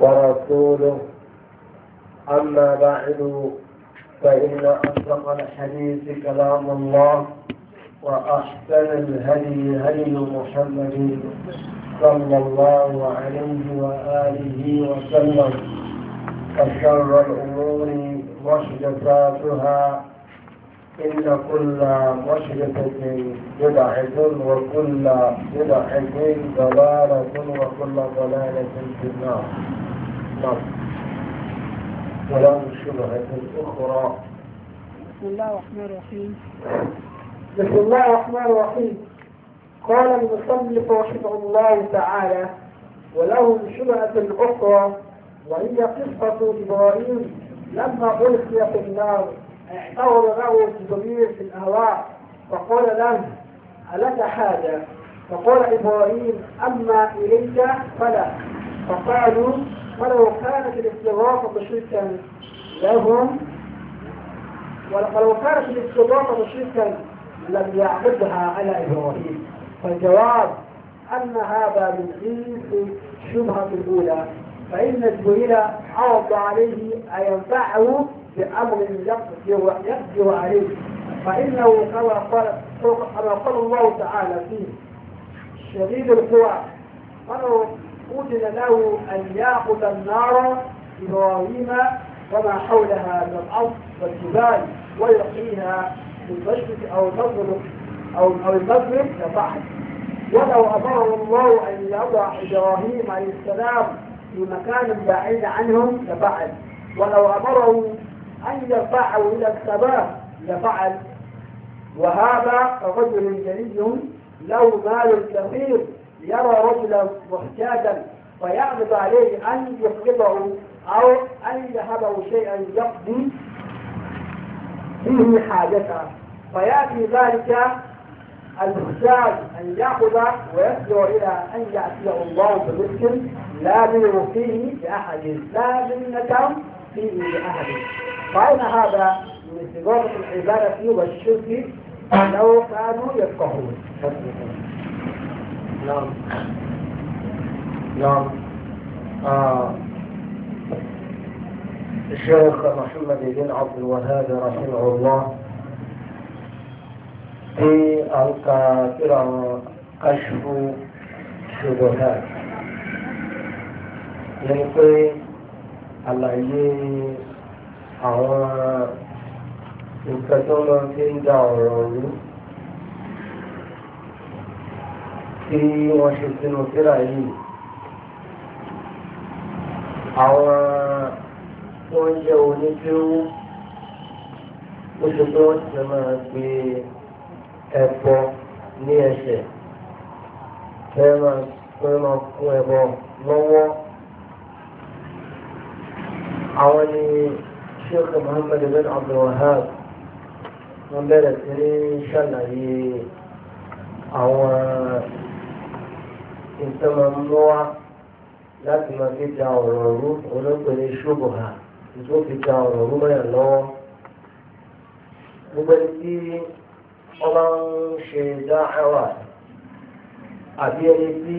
ورسوله أما بعد فإن أصدق الحديث كلام الله وأحسن الهدي هدي محمد صلى الله عليه وآله وسلم وشر الأمور محدثاتها إن كل مشرقة بدعة وكل بدعة ضلالة وكل ضلالة في النار طب. وله شبهة أخرى بسم الله الرحمن الرحيم بسم الله الرحمن الرحيم قال المصنف رحمه الله تعالى وله شبهة أخرى وهي قصة إبراهيم لما ألقي في النار اعترض له جبريل في الأهواء فقال له ألك حاجة فقال إبراهيم أما إليك فلا فقالوا ولو كانت الاستضافة شركا لهم ولو كانت الاستضافة شركا لم يعقدها على إبراهيم فالجواب أن هذا من حيث الشبهة الأولى فإن جبريل عرض عليه أن ينفعه بأمر يقدر عليه فإنه كما قال كما قال الله تعالى فيه شديد القوى فلو أذن له أن يأخذ النار إبراهيم وما حولها من الأرض والجبال ويقيها بالمشرق أو المغرب أو أو المغرب لصاحب ولو أمره الله أن يضع إبراهيم عليه السلام في مكان بعيد عنهم لفعل ولو أمره أن يرفعه إلى السماء لفعل وهذا رجل جليل له مال كثير يرى رجلا محتاجا فيعرض عليه أن يفقده أو أن يهبه شيئا يقضي فيه حاجته فيأتي ذلك المحتاج أن يأخذ ويسلو إلى أن يأتيه الله برزق لا منه فيه لأحد لا منك فيه لأحد فأين هذا من استجابة العبادة والشرك لو كانوا يفقهون نعم نعم آه. الشيخ محمد بن عبد الوهاب رحمه الله في الكافر كشف الشبهات يعني في àlàyé àwọn nǹkan tó lọ tí wọ́n ṣe sínú síra yìí àwọn tó ń jẹ́ onídúró ó ṣe pé wọ́n ti máa gbé ẹ̀bọ ní ẹsẹ̀ fẹ́ máa kún ẹ̀bọ lọ́wọ́ àwọn ni sheikh muhammad bin abdulwahab wọ́n bẹ̀rẹ̀ sí ní ṣàlàyé àwọn nǹkan máa ń mọ́ wá láti máa fi da ọ̀rọ̀ rú olóògbé ní ṣòbò hà tó fi da ọ̀rọ̀ rú mọ́yà lọ́wọ́. gbogbo ẹni tí wọ́n máa ń ṣe dáhàwà àbí ẹni tí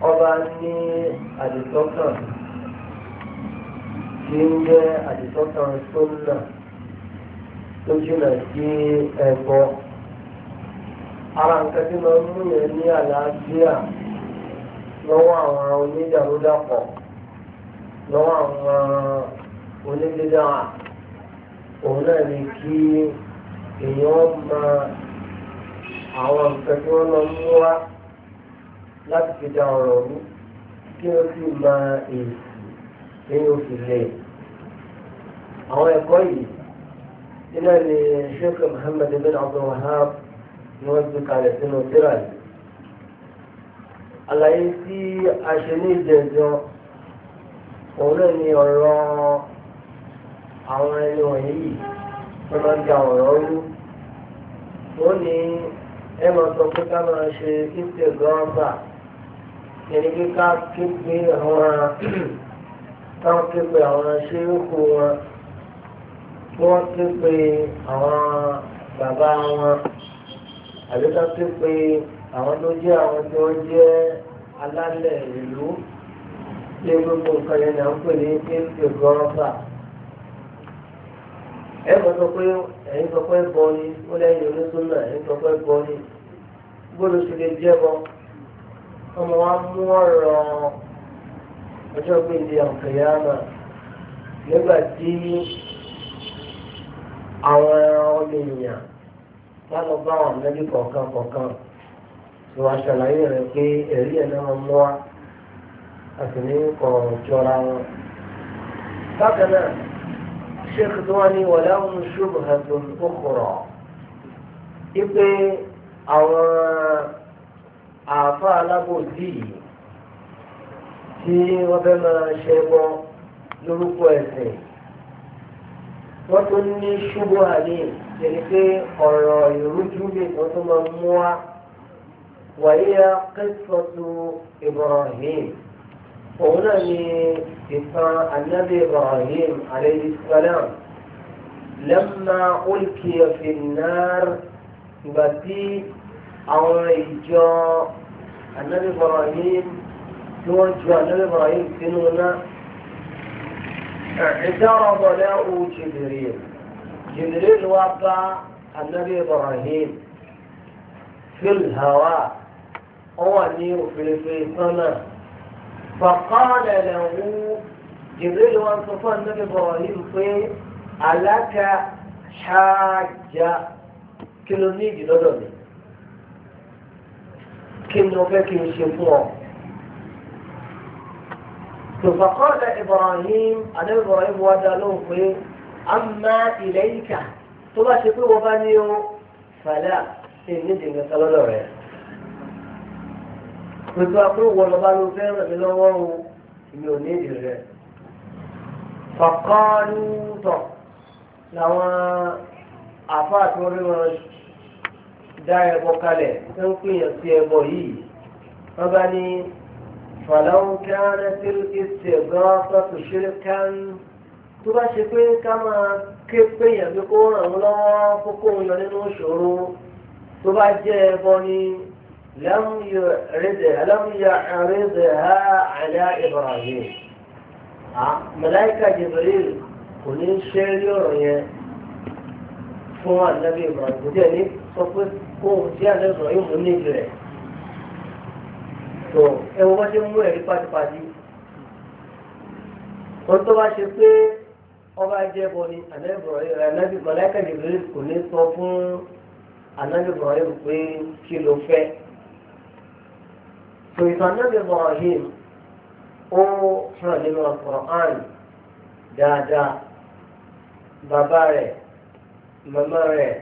wọ́n bá ní àdìsọ́kàn tí ń jẹ́ àdìsọ́kàn sóńnà tó jìnnà sí ẹ̀kọ́ ara nǹkan tí mo ń mú yẹn ní àlàáfíà lọ́wọ́ àwọn onídàrúdàpọ̀ lọ́wọ́ àwọn onídídá òun náà ni kí èèyàn mọ àwọn nǹkan tí wọ́n lọ mú wá láti fi da ọ̀rọ̀ rú kí wọ́n sì mọ èsì nínú òfìlẹ̀ àwọn ẹ̀kọ́ yìí nínú ẹni Sheikh Muhammad bin Abdul Wahab ni wọ́n ti kalẹ̀ sínú tírà yìí. àlàyé tí a ṣe ní ìjẹjọ òun náà ni ọ̀rọ̀ àwọn ẹni wọ̀nyí yìí wọ́n máa ń da ọ̀rọ̀ rú. wọ́n ní ẹ máa sọ pé ká máa ṣe ìṣe gọ́ọ̀bà ẹni pé ká ké àwọn táwọn ké àwọn ṣé ó wọn kí wọ́n ké àwọn bàbá wọn. àbíká tó pé àwọn tó jẹ́ àwọn tí wọ́n jẹ́ alálẹ̀ ìlú tí gbogbo nǹkan yẹn náà ń pè ní kéńtì gọ́rọ́fà ẹ kò sọ pé ẹ̀yin sọ pé bọ́ ni ó lẹ́yìn onísùnà ẹ̀yin sọ pé bọ́ ni gbọ́dọ̀ sì lè jẹ́ bọ́ ọmọ wa mú ọ̀rọ̀ ọjọ́ gbèdé àǹkàyàmà nígbà tí àwọn ọmọ ènìyàn. wá lọ bá àwọn ànábì kọ̀ọ̀kan kọ̀ọ̀kan tí wọ́n aṣàlàyé rẹ̀ pé ẹ̀rí ẹ̀ náà mú wa a sì ní kọ̀ jọra wọn. bákan náà sheikh tó wá ní wọlé àwọn ṣubú hàtún òkùrọ̀ ipe àwọn àáfàá alábòdì tí wọ́n fẹ́ máa ṣe bọ́ lórúkọ ẹ̀sìn wọ́n tún ní ṣubú àlè yẹni pé ọ̀rọ̀ ìrújú lè tó tó máa mú wa wàyíyá kẹ́sọ̀tù Ibrahim òun náà ni ìtàn anábì Ibrahim alayhi salam lẹ́mà ulqiya fi an-nar ìgbà tí àwọn ìjọ anábì Ibrahim tí wọ́n ju anábì Ibrahim sínú náà ẹ̀ẹ́dá ọ̀bọ̀lẹ́ òun Jibril. جبريل وضع النبي إبراهيم في الهواء هو نير في في سنة فقال له جبريل وانصف النبي إبراهيم في ألك حاجة كيلونيجي لدني كم نفك يشفوه فقال إبراهيم أنا إبراهيم ودى له àmà ilẹ̀ ìkà tó bá ṣe pé wọ́n bá ní o fàlà ṣe ní ìdènà kálọ́lọ́ rẹ̀. pẹ̀lú àpò wọn lọ bá ló fẹ́ ràn mí lọ́wọ́ o mi ò ní ìdè rẹ̀. fàkọ́ọ́lù làwọn àfáà tí wọ́n rí wọn dá ẹbọ kalẹ̀ tó ń pèèyàn sí ẹbọ yìí wọ́n bá ní fàlàwùn kí á rẹ́ sí ìṣègùn ọ́ tó bá ṣe pé ká máa ké péyàn pé kó ràn án lọ́wọ́ kó kó òun yọ nínú ìṣòro tó bá jẹ́ ẹbọ ni lẹ́múyà ha àlá Ibrahim mẹláìkà Jibril kò ní ṣe rí ọ̀rọ̀ yẹn fún ànábì Ibrahim kò díẹ̀ ní sọ pé kó òun sí ànábì Ibrahim mú ní ìbẹ̀rẹ̀ tó ẹwọ́n bá ṣe mú ẹ̀rí pátápátá wọ́n tó bá ṣe pé ọba jẹ́ bọ ni mọ̀lẹ́kà Jibril kò ní sọ fún anabi Ibrahim pé kí ló fẹ́ tó ìtàn anabi Ibrahim ó hàn nínú Al-Qur'an dáadáa bàbá rẹ̀ màmá rẹ̀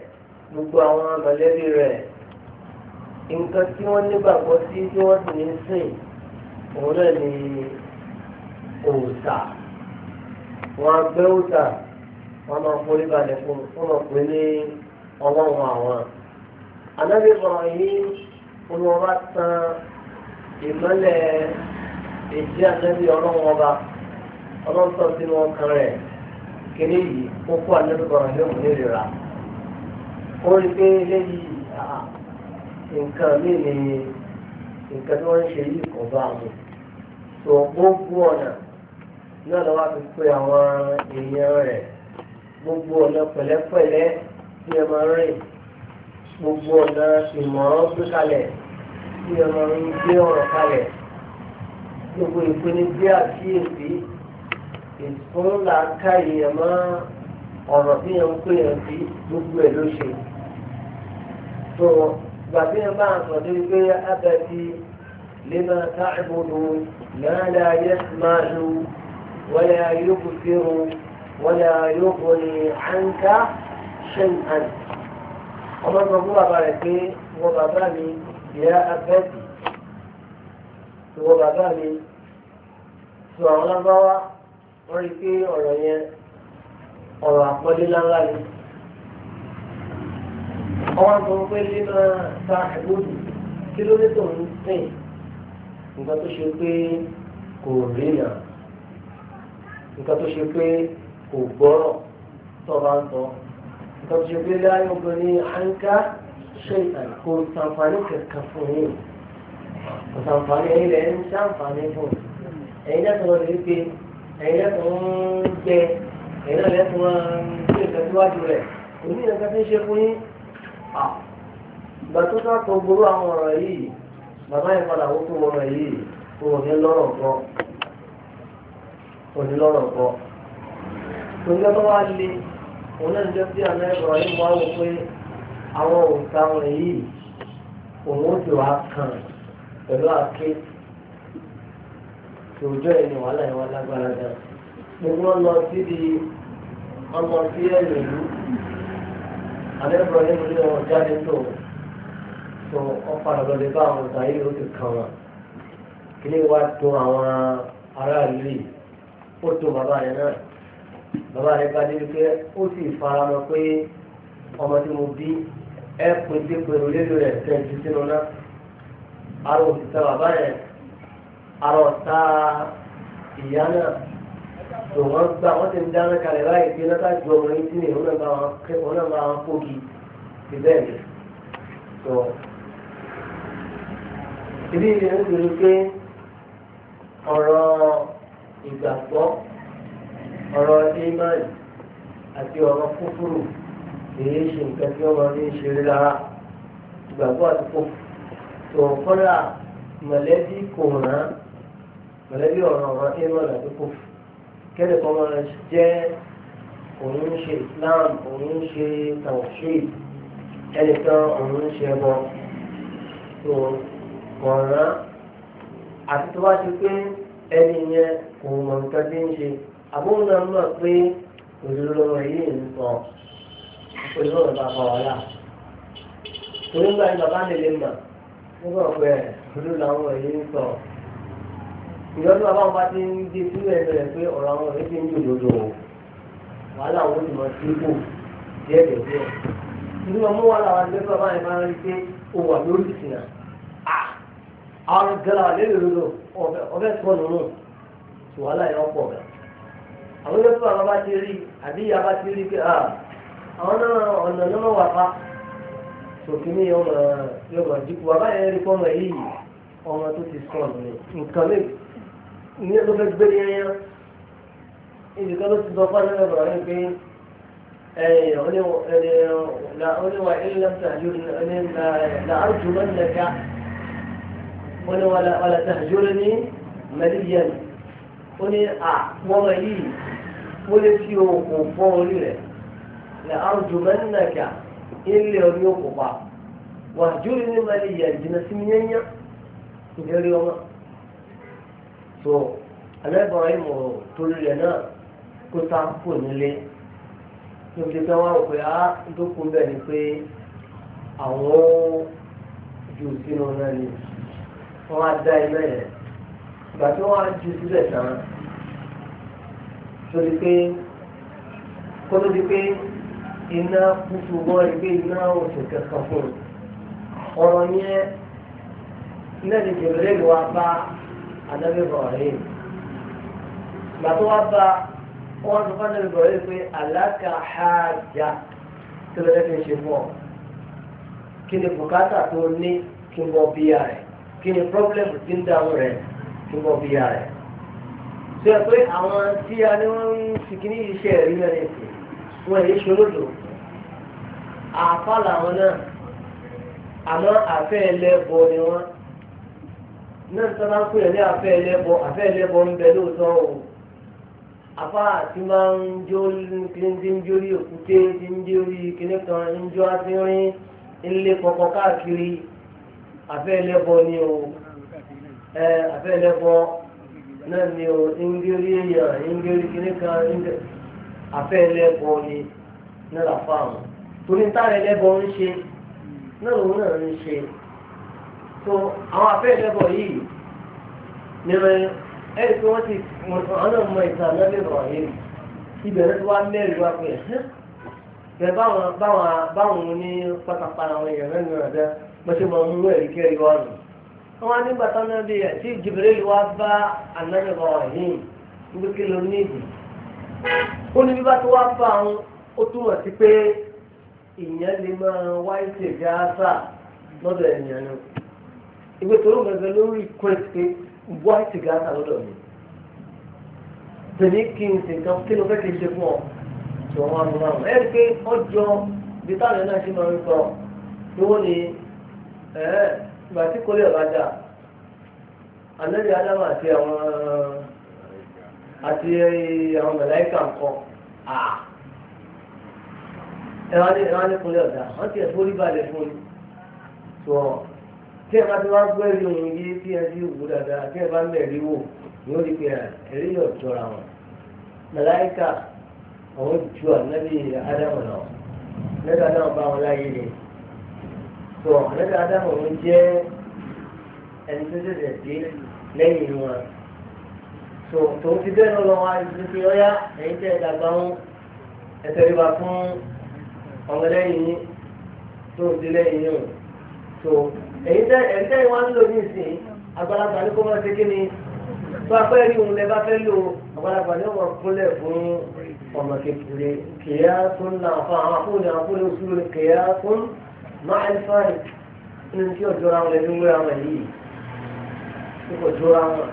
gbogbo àwọn mọ̀lẹ́bí rẹ̀ nǹkan tí wọ́n nígbàgbọ́ sí tí wọ́n sì ń sìn òun náà ni òòṣà wọn gbé wúta wọn máa forí balẹ̀ fún fún ọ̀pẹ ní ọlọ́run àwọn. anábì sọ̀rọ̀ yìí fún wọn bá tan ìmọ́lẹ̀ èjì anábì ọlọ́run ọba ọlọ́run tó sínú ọkàn rẹ̀ kíní yìí ó kó anábì sọ̀rọ̀ yìí òun nírira. ó rí pé eléyìí nǹkan mí ni nǹkan tí wọ́n ń ṣe yìí kò bá a mú. gbogbo ọ̀nà náà lọ́wọ́ fi pé àwọn èèyàn rẹ̀ gbogbo ọ̀nà pẹ̀lẹ́pẹ̀lẹ́ tí ẹ máa ń rìn gbogbo ọ̀nà ìmọ̀ràn gbé kalẹ̀ tí ẹ máa ń gbé ọ̀rọ̀ kalẹ̀ gbogbo ìpènijà àkíyèsí ìfún làákàyè ẹ máa ọ̀rọ̀ tí yẹn ń pè yẹn sí gbogbo ẹ̀ ló ṣe. tó gbàgbé yẹn bá ń sọ débi pé abẹ́bí lè máa ká ìbòdò náà láyé máa lu. ولا يغفر ولا يغني عنك شيئا ومن الله بارك وبابامي يا أبتي وبابامي sọ àwọn lábáwá wọ́n rí pé ọ̀rọ̀ yẹn ọ̀rọ̀ àpọ́lé lára ni ọwọ́n tó ń pé lé máa ta àgbòdù kí ló dé tó ń sìn nǹkan tó ṣe pé kò rí náà nǹkan tó ṣe pé kò gbọ́rọ̀ tó bá ń sọ nǹkan tó ṣe pé láyé obìnrin àńká ṣe ìtàkó sàǹfààní kankan fún yìí kò sàǹfààní ẹ̀yin rẹ̀ ń sàǹfààní fún ẹ̀yin lẹ́tọ̀ lọ rí pé ẹ̀yin lẹ́tọ̀ ń jẹ ẹ̀yin náà lẹ́tọ̀ máa ń gbé ìtẹ̀síwájú rẹ̀ òní nǹkan tó ń ṣe fún yín ìgbà tó sá tó àwọn ọ̀rọ̀ yìí bàbá yẹn padà tó wọ̀rọ̀ yìí kò ní lọ́rọ̀ gan onílọ́rọ̀ kọ́ lójọ́ tó wá lé òun náà jẹ́ sí àná ẹ̀rọ yìí wá wọ pé àwọn òǹkà wọn yìí òun ó sì wá kàn pẹ̀lú àké tòjọ́ ẹ̀ ní wàhálà ìwà lágbára dá gbogbo wọn lọ síbi ọmọ sí ẹ̀yìn ìlú àná ẹ̀rọ yìí ló lé wọn jáde tó tó ọ̀padà lọ́dẹ bá àwọn ọ̀gá yìí ó ti kàn wọn kí ni wàá tó àwọn aráàlú yìí ó tó bàbá rẹ̀ náà bàbá rẹ̀ ká dé wípé ó sì fara mọ́ pé ọmọ tí mo bí ẹ pin sí pẹ̀lú lélo rẹ̀ tẹ̀jú sínú náà ara òṣìṣẹ́ bàbá rẹ̀ ara ọ̀tá ìyá náà tò wọ́n gbà wọ́n ti ń dáná kalẹ̀ láì gbé lọ́tà ju ọmọ yìí sínú ìhùn náà bá wọn náà bá wọn kógi ti bẹ́ẹ̀ ni tó ibi ìrìn ń gbèrú pé ọ̀rọ̀ ìgbàgbọ́ ọ̀rọ̀ iman àti ọ̀rọ̀ kúfúrú èyí ṣe nǹkan tí wọ́n máa ń ṣe rí lára ìgbàgbọ́ àti kúfúrú tó kọ́lá mọ̀lẹ́bí kò rán mọ̀lẹ́bí ọ̀rọ̀ ọ̀rọ̀ iman àti kẹ́lẹ̀ kan máa jẹ́ òun ṣe Islam òun ń ṣe tawhid ẹnìkan òun ń ṣe ẹbọ tó kọ̀ọ̀rán àti tó bá ti pé. ẹni yẹn kò mọ̀ nǹkan tí ń ṣe àbúrò náà pé òdodo yìí ń sọ òdodo lọ́wọ́ bàbá ọ̀la torí bàbá nílé mà nígbà pé làwọn yìí ń sọ bàbá wọn bá ti ń sílẹ̀ pé ọ̀rọ̀ àwọn yìí ti ń wàhálà wọn ti mọ̀ sí díẹ̀ díẹ̀ díẹ̀ wàhálà bàbá yẹn rí pé ó àrùn gẹ́la lérò lòlò ọbẹ̀ tó nùnú wàhálà yẹn ọ̀pọ̀ ọ̀gá àwọn ilé fún àwọn bá ti rí àbí ìyá bá ti rí pé ah, àwọn náà ọ̀nà náà wà pa sòkìní ọmọ yọmọ dìbò bàbá yẹn rí fọmọ yìí ọmọ tó ti sọ ọ̀nà nǹkan mi ní ló fẹ́ gbé ní ẹyán ìdíkan ló ti sọ fún àwọn ọmọ yẹn pé ẹ̀yìn oníwà ilẹ̀ ń tàjú ní àrùjù mọ́nìyàn ká wọ́n ní wàlá wàlá tàjọ́rọ́ ní mẹ́líyàn ó ní à wọ́n mọ̀ yìí mo lè fi òkun fọ́ orí rẹ̀ ní àrùjù mẹ́nàkà ilé orí òkun pa wà jùlọ ní mẹ́líyàn jìnnà sí yẹ́nyẹ́ ìdérí ọmọ tó alẹ́bọ̀n ìmọ̀ torí rẹ̀ náà kó tá a kò nílé níbi tí wọ́n pè á dókun bẹ́ẹ̀ ni pé àwọn jù sínú náà nìyí wọ́n á dá iná yẹn ìgbà tí wọ́n á ju sílẹ̀ tán torí pé kó tó di pé iná kútu wọ́n rí pé iná oṣù kankan fún un ọ̀rọ̀ yẹn iná ti jẹ̀bẹ̀rẹ̀ ló wá bá anábì Ibrahim ìgbà tó wá bá wọ́n sọ fún anábì Ibrahim pé àlàkà tó lọ́dẹ́ fi ń ṣe fún ọ kí ni bùkátà tó ní kí n bọ́ bíyà rẹ̀ kí problem ti ń dààmú rẹ̀ kí wọ́n fi yá rẹ̀. sọ yẹ pé àwọn tí a ní wọ́n ń sìnkí ní iṣẹ́ rí náà ní ìsìn wọn èyí ṣe olódò àfa làwọn náà àmọ́ àfẹ́ ẹlẹ́bọ ni wọ́n náà sábà ń pè ní àfẹ́ ẹlẹ́bọ àfẹ́ ẹlẹ́bọ ń bẹ lóòótọ́ o afa àti máa ń jó kíndí ń jórí òkúté ti ń jórí kíní kan ń jó àti rin ń lé kọkọ káàkiri afẹ́lẹ́bọ ni o ẹ afẹ́lẹ́bọ náà ni o ingeri èèyàn ingeri kìnìkan afẹ́lẹ́bọ ni náà làfa àwọn torí táwọn ẹlẹ́bọ ń ṣe náà lòun náà ń ṣe tó àwọn afẹ́lẹ́bọ yìí nínú ẹ̀rí pé wọ́n ti àwọn náà mọ ìtàn náà lè rọ̀ yìí ibẹ̀rẹ̀ tó wá mẹ́rin wá pé ẹ̀ báwọn báwọn báwọn ní pátápátá àwọn èèyàn mẹ́rin náà dẹ́ mọ́tò máa mú ẹ̀rí kẹ́rì wá nù. wọ́n á nígbà Jibril wá bá anábì wa ọ̀hìn níbi kí ló ní ìdì. ó ní bí bá tó wá bá àwọn ó túmọ̀ sí pé ìyẹn lè máa wá ìṣe gáásà lọ́dọ̀ ènìyàn náà. ìwé tó ló lórí request pé wá ìṣe gáásà lọ́dọ̀ mi. tèmi kí n sì kan kí ló fẹ́ kí n ṣe fún ọ tí wọ́n wá mú náà. ẹ̀rí pé ọjọ́ bí táwọn náà ṣe máa ń sọ ni wọ́n ní Eh, ìgbà tí kò lè ọ̀gájà ànábì a àti àwọn àti àwọn nǹkan ẹ̀rọ ní ẹ̀rọ ní kò lè wọ́n ti ẹ̀fọ́ oríbalẹ̀ fún mi tó tí ẹ bá ti wá gbọ́ ẹ̀rí yé tí ẹ ti wù dáadáa tí ẹ bá ń bẹ̀rí wò ó di pé ẹ̀rí yóò jọra wọn mẹ̀láìkà àwọn ju ànábì ádámù lọ mẹ́ta náà bá wọn láyé ni. sọ ànábì ádámù ló jẹ́ ẹni tó ṣẹ̀ṣẹ̀ dé lẹ́yìn wọn so tòun ti bẹ́ẹ̀ lọ́wọ́ wa ìlú pé ọ́yá ẹ̀yin tẹ́ ìdàgbà ń ẹ̀tẹ̀ríba fún ọmọlẹ́yìn yín tó ń di lẹ́yìn yín o so ẹ̀yin tẹ́ ẹ̀yin tẹ́ ìwà ń lò ní ìsìn àgbàlagbà ní kó máa ṣe kí ni tó apẹ́ rí òun lẹ bá fẹ́ lò àgbàlagbà ní ọmọ kúnlẹ̀ fún ọmọ kékeré kìíyà máa ń fáì nínú tí òjòra wọn lẹ́nu wé àwọn yìí tí kò jòra wọn.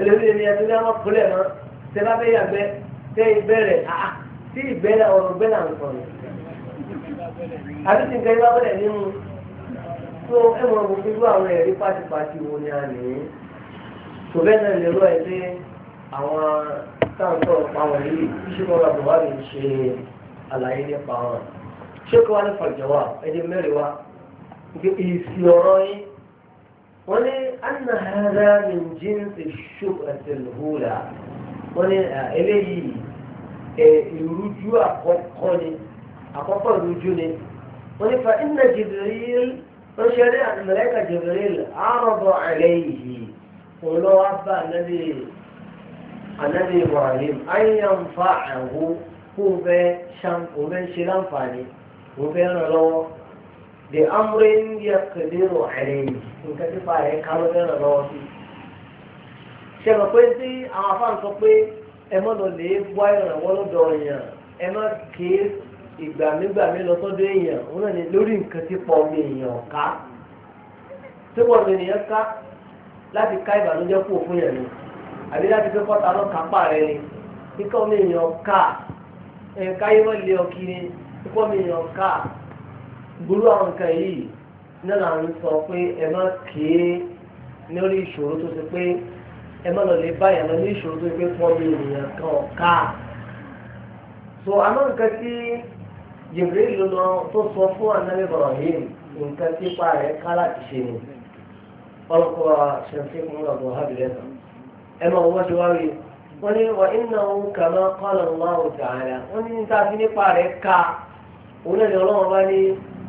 èlòmí ni ẹtú ní àwọn kúlẹ̀ mọ́ tẹ bá bẹ́ yàgbẹ́ tẹ ìbẹ̀rẹ̀ àá tí ìbẹ̀rẹ̀ ọ̀rọ̀ bẹ́ẹ̀ náà ń sọ̀rọ̀. àbí tí nǹkan ibà bẹ̀rẹ̀ nínú tó ẹ̀mọ̀ ọ̀gbọ̀n fi gbọ́ àwọn ẹ̀rí pátipáti wo ni a nì í. kò bẹ́ẹ̀ náà lè rọ ẹ pé àwọn táwọn tó ọ̀pá wọn yìí iṣẹ́ ṣéèkì wa ní fàjọwà ẹ̀jẹ̀ mẹ́rin wa ìsì ọ̀rọ̀ yín wọ́n ní anna hada min jinsi shubhati al-hula wọ́n ní eléyìí ìrújú àkọ́kọ́ ni àkọ́kọ́ ìrújú ni wọ́n ní fa inna Jibril wọ́n ṣe rí àmàlẹ́kà Jibril àrọ̀bọ̀ àlẹ́yìí òun lọ́wọ́ bá ànábì ànábì Ibrahim ayé ń fa àwọ̀ kó fẹ́ ṣe láǹfààní. mo fẹ́ ràn lọ́wọ́ the amúre ń yẹ kẹdẹrọ ẹrẹ yìí nǹkan fa ẹ ká ló lọ́wọ́ pé tí àwọn afáàn sọ pé ẹ mọ̀ lọ lè wá ìrànwọ́ lọ́dọ̀ èèyàn ẹ má ìgbàmígbàmí lọ sọ́dọ̀ èèyàn náà lórí pọ̀ èèyàn ká tí wọ́n nìyẹn ká láti ká ìbànújẹ́ kú òfin yẹn ni àbí láti fi kọ́ta ni kíkọ́ èèyàn ká kíkọ́ mi yàn ká gbúrú àwọn nǹkan yìí náà là ń sọ pé ẹ má kéé lórí ìṣòro tó ti pé ẹ má lọ lè báyà lọ ní ìṣòro tó ti pé pọ́n mi ènìyàn kan ọ̀ká. so àmọ́ nǹkan tí Jibril ló lọ tó sọ fún Ànábì Ibrahim nǹkan tí ipa rẹ̀ ká láti ṣe ni ọlọ́kọ̀ ṣẹ̀fín mú ọ̀gbọ̀n hábìlẹ̀ náà ẹ máa wọ́n ti wá rí i wọ́n ní wà ìnáwó kàmá kọ́lọ̀ ńlá ọ̀tà wọ́n ní níta fi nípa rẹ̀ ká òun náà ni ọlọ́run bá ní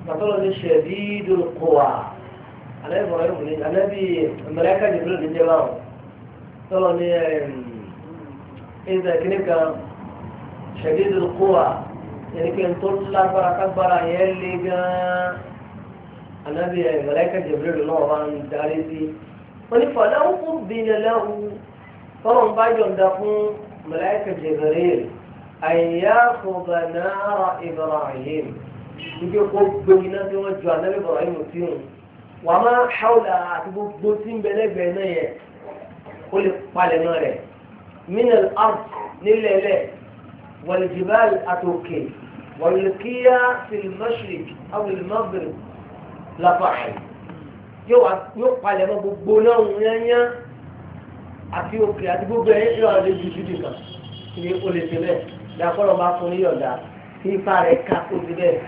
bàtọ́lọ́ ní ṣẹ̀dídùn kùwà alẹ́ bọ̀rọ̀ ẹ̀rù ní alẹ́ bí mẹ̀lẹ́kà jìbìlì ní jẹ́ báwọn tọ́lọ́ ní ẹ̀ẹ́dẹ̀ kìnnì kan ṣẹ̀dídùn kùwà yẹn kí n tó lágbára kágbára yẹn lé gan-an alẹ́ bí mẹ̀lẹ́kà jìbìlì bá ń darí sí wọ́n ní fàdáwọ́ fún bìnnìlẹ́wù tọ́lọ́ ń bá yọ̀ǹda fún mẹ̀lẹ́kà jìbìlì أن يأخذ نار إبراهيم يقول قبل الناس يوجه إبراهيم وسيون وما حول أعتبه بوسين بلا بيني قل قال من الأرض نللا والجبال أتوكي والكيا في المشرق أو المغرب لطحن yóò palẹ̀ mọ́ gbogbo náà yányá àti أتوكي àti gbogbo ẹ̀yẹ́ yóò lè ju ju nìkan dàpọ̀lọ̀ bá fún ní yọ̀dà ipa rẹ̀ ká kó ti bẹ́ẹ̀.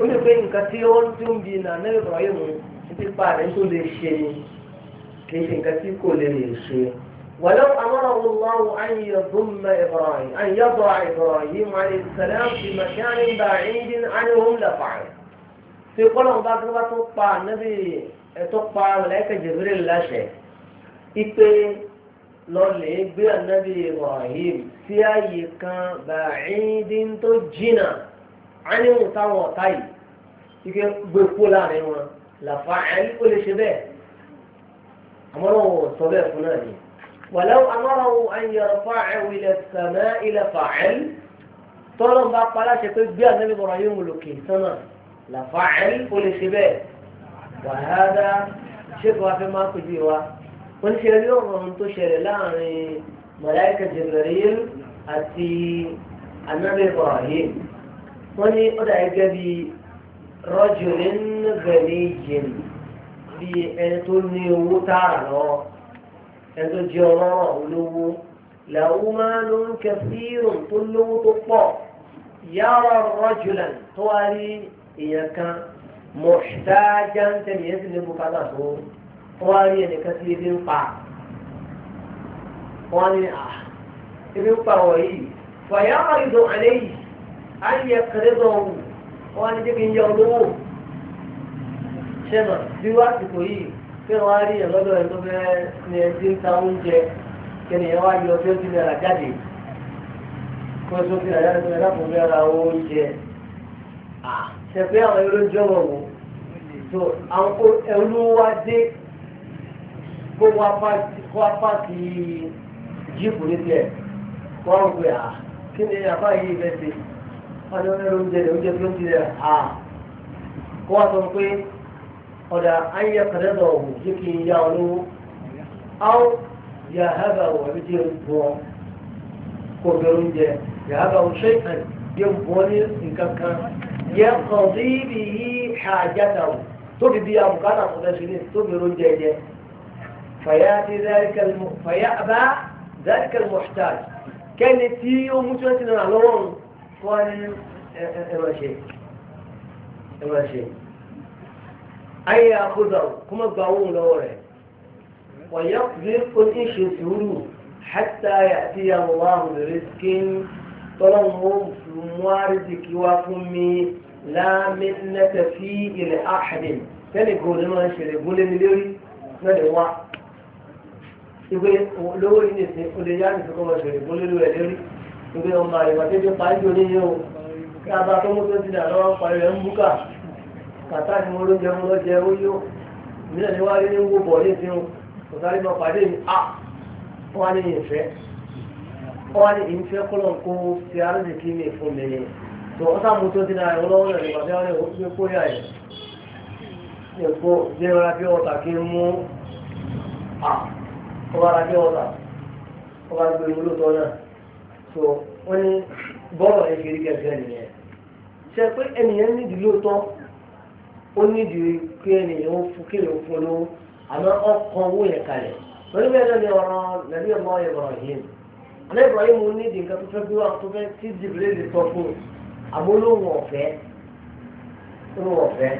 ó lè pé nǹkan tí ó ń tún bí iná náà ìrọ̀ yìí mú títí ipa rẹ̀ tó lè ṣe ni kì í ṣe nǹkan tí kò lè lè ṣe. ولو أمره الله أن يضم إبراهيم أن يضع إبراهيم عليه السلام في مكان بعيد عنهم لفعل في قلهم بعد ما تقطع النبي تقطع ملائكة جبريل لا شيء إيه lọ́lẹ̀ gbé ànábì Ibrahim sí ààyè kan bàáìdín tó jìnnà ánìmù táwọn ọ̀tá yìí ike gbé kó láàrin wọn làfà ẹni ó lè ṣe bẹ́ẹ̀ àmọ́ náà wọ̀ sọ bẹ́ẹ̀ fún náà ni. wàlẹ́wò amárawo ayẹyẹ fà ẹ̀wù sàmẹ́ ilẹ̀ fà tọ́lọ́ bá paláṣẹ pé gbé ànábì Ibrahim lòkè sánà làfà ẹni ó lè ṣe bẹ́ẹ̀ wàhálà ṣé kò wá fẹ́ máa kojú wa wọ́n ṣe rí ọ̀rọ̀ tó ṣẹlẹ̀ láàrin màláìkà Jibril àti anábẹ́ Ibrahim wọ́n ní ọ̀dà ẹgbẹ́ bíi rajulin ghaniyyin bíi ẹni tó ní owó tààrà lọ ẹni tó jẹ́ ọlọ́rọ̀ olówó lahu malun kathirun tó lówó tó pọ̀ yara rajulan tó wá rí èèyàn kan muhtajan tẹ̀lé ẹ̀sìn ní bùkátà tó wọ́n á rí ẹnìkan tí ebi ń pa wọ́n á ní à ebi ń pa wọ̀ yìí fàyà àìdò àlẹ́ yìí á yẹ kẹrẹ́dọ̀ wù wọ́n á ní débi ń yẹ olówó ṣẹ́nà bí wá àsìkò yìí pé wọ́n á rí ẹ̀ lọ́dọ̀ ẹ̀ tó fẹ́ ní ẹ ti ń ta oúnjẹ kẹ́nìyàn wá yọ bí ó ti nira jáde kó o tó fi àyà rẹ̀ lápò bí ara oúnjẹ ṣẹ̀pẹ́ àwọn eré ń wò tó àwọn olówó wá dé kó wá pàtì jíìpù ní tiẹ̀ wọ́n rò pé à ah, kí ni àbá yìí fẹ́ ṣe wọ́n ní wọ́n lọ oúnjẹ rẹ̀ oúnjẹ tó ń tilẹ̀ à ah. kó wá sọ pé ọ̀dà ayé kẹrẹ́dọ̀ ọ̀hún jẹ́ kí n yá ọ lówó áwọ̀ yà hábà wọ̀ ẹ̀mí jẹ́ bọ́ kó bẹ̀rù oúnjẹ yà hábà wọ̀ ṣé ìkàn jẹ́ bọ́ ní nǹkan yẹ kàn sí ibi yìí ṣàjàtà tó fi bí abùkátà kọ̀ọ̀tà ṣe ní tó bẹ̀rù oúnjẹ jẹ́ فيأتي ذلك الم... فيأبى ذلك المحتاج كان تيو متوتنا علون قال ايوا إيه، إيه، إيه، شيء ايوا شيء أي يأخذه كما تضعون لوره ويقدر كل شيء حتى يأتي الله برزق طلبهم في موارد كوافمي لا منة فيه لأحد كان يقول ما شيء يقول لي لوري ما ìgbé lówó yìí ní ìsìn olè yá nìkan kọ́ ọ̀ṣẹ̀ ìbò lórí rẹ̀ lórí ìgbé ọmọ àyèmọ̀ tẹ́jú parí ju oníyẹ o kí a bá tó mú tó ti dà lọ́wọ́ parí rẹ̀ ń búkà kàtà ni mo ló jẹ mo lọ jẹ ó yó ìmílẹ̀ ni wá rí ní wó bọ̀ ní ìsìn kò sáré lọ pàdé mi a wọ́n á ní ìfẹ́ wọ́n á ní ìfẹ́ kọ́lọ̀ kó fi arúgbó kí mi fún mi tó ọ́ sàmú tó ti dà rẹ̀ lọ́wọ́ rẹ̀ nígbà tí wọ́n ní ìwé kó yà yẹn ní ìkó jẹ́ rárá bí ọ̀tà kí n mú a ọba adé ọba ọba gbé olóòótọ́ náà so wọ́n ní bọ́ọ̀lù ẹ̀ kiri gẹ́gẹ́ nìyẹn ṣe pé ẹnìyẹn nídìí lóòótọ́ ó nídìí pé ẹnìyẹn ó fún kéèyàn fún olówó àmọ́ ọkàn owó yẹn kalẹ̀ wọ́n ní bẹ́ẹ̀ lọ́ni ọ̀rọ̀ nàbí ọmọ Ibrahim yìí àná Ibrahim nídìí nǹkan tó fẹ́ gbé wà tó fẹ́ tí Jibril lè sọ fún un àmọ́ olóhùn ọ̀fẹ́ ọ̀fẹ́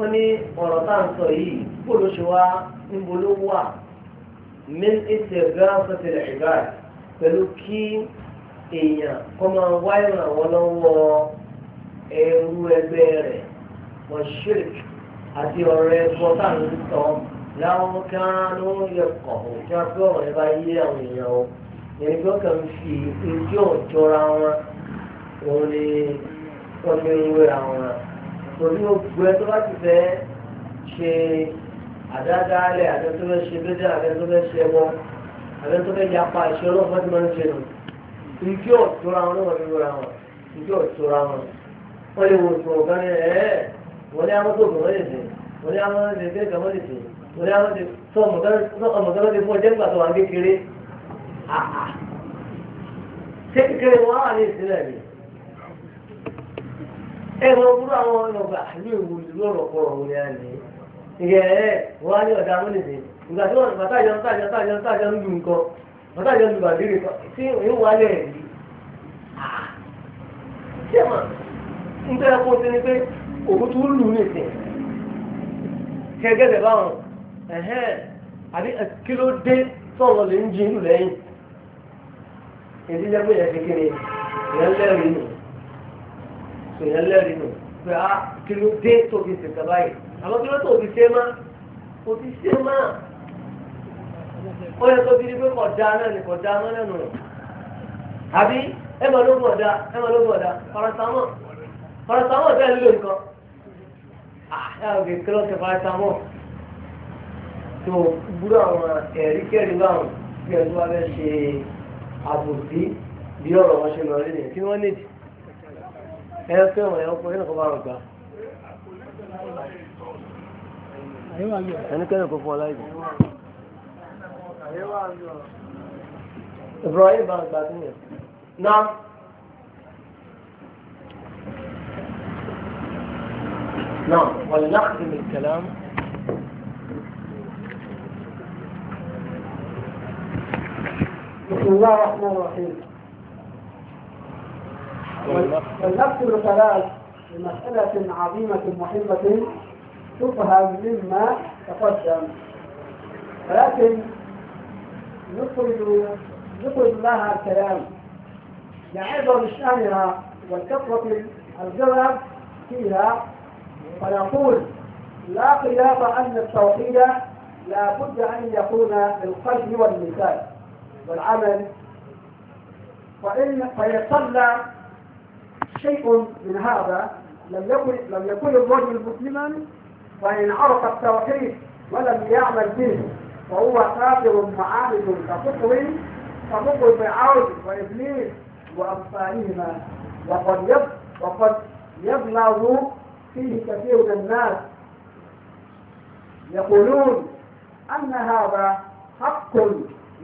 ó ní ọ̀rọ̀ tá à ń sọ yìí bó ló ṣe wá níbo ló wà min istighasati al-ibad pẹ̀lú kí èèyàn kọ́ máa wá ìrànwọ́ lọ́wọ́ ẹrú ẹgbẹ́ rẹ̀ wọ́n ṣírìkì àti ọ̀rẹ́ bọ́tà ló ń sọ láwọn kánú yẹ̀kọ̀ tí wọ́n fi ọ̀rọ̀ bá yé àwọn èèyàn o èyí tó fi ojú ọ̀jọ́ra wọn òun ni wọ́n fi ń wéra wọn torí gbogbo ẹ tó bá ti fẹ́ ṣe àdáadáalẹ̀ àbẹ́tọ́fẹ́ ṣe bẹ́tẹ̀ àbẹ́tọ́fẹ́ ṣe ẹbọ àbẹ́tọ́fẹ́ yapa ìṣe ọlọ́pàá ti máa ń ṣe nù ìdí ọ̀tura wọn náà ní ìrora wọn ìdí ọ̀tura wọn wọ́n lè wo ìṣòro kan ní ẹ̀ ẹ́ wọ́n ní àwọn tó gbọ̀n lè dé wọ́n ní àwọn lè dé ìgbà wọ́n lè dé wọ́n ní àwọn lè sọ ọmọdé lè fún ọjọ́ ìgbà tó wà kékeré ṣé kékeré wọn á wà ní ìsílẹ̀ ẹ mọ àwọn ọlọ́gbà àlú èwo ìlú ọ̀rọ̀ pọ̀ ni a lè ìyẹ ẹ wọ́n á ní ọ̀dà amúnìdè ìgbà tí wọ́n bàtà yọ bàtà yọ ń lu nǹkan bàtà lu tí òun wà lẹ̀ rí ṣé mà o ti pé òkú tó lù ní ìsìn báwọn ẹ̀hẹ́n àbí kí ló dé sọ̀rọ̀ lè ń lẹ́yìn èdè jẹ́ pé sòyẹ́ lẹ́rìí nù pé á ah, kí ló dé tóbi ṣèkà báyìí àmọ́ kí ló tóbi ṣe má kò ti ṣe má ó yẹ kó ti pé kọ̀dá náà ni kọ̀dá mọ́ náà nù àbí ẹ mọ̀ lóògùn ọ̀dà ẹ mọ̀ lóògùn ọ̀dà paracetamol paracetamol bẹ́ẹ̀ lílo nǹkan ah, ẹ ò kè kílọ̀ ṣe paracetamol tó gbúrò àwọn ẹ̀rí kẹ́rin báwọn bí ẹ̀dùn wa fẹ́ ṣe àbòsí bí ọ̀rọ̀ wọn ṣe lọ rí nìyẹn kí wọ́n nídìí ẹ̀yọ́ kẹwọ̀n ẹ̀yọ́ kọ́ ẹ̀yọ́ kọ́ bá rọ̀ gbà. ẹnikẹ́ni kò fún ọ láì jù. Ibrahim bá gbà sí yẹn. Náà. نعم ولنختم الكلام بسم الله الرحمن الرحيم ونفس الرسالات بمسألة عظيمة مهمة تفهم مما تقدم ولكن نخرج نخرج لها الكلام لعظم شأنها والكثرة الجرب فيها فنقول لا خلاف أن التوحيد لا بد أن يكون بالقلب واللسان والعمل فإن فيصلى شيء من هذا لم يكن لم يكن الرجل مسلما فإن عرف التوحيد ولم يعمل به فهو كافر معاند ككفر ككفر فرعون وإبليس وأمثالهما وقد يب وقد يبلغ فيه كثير من الناس يقولون أن هذا حق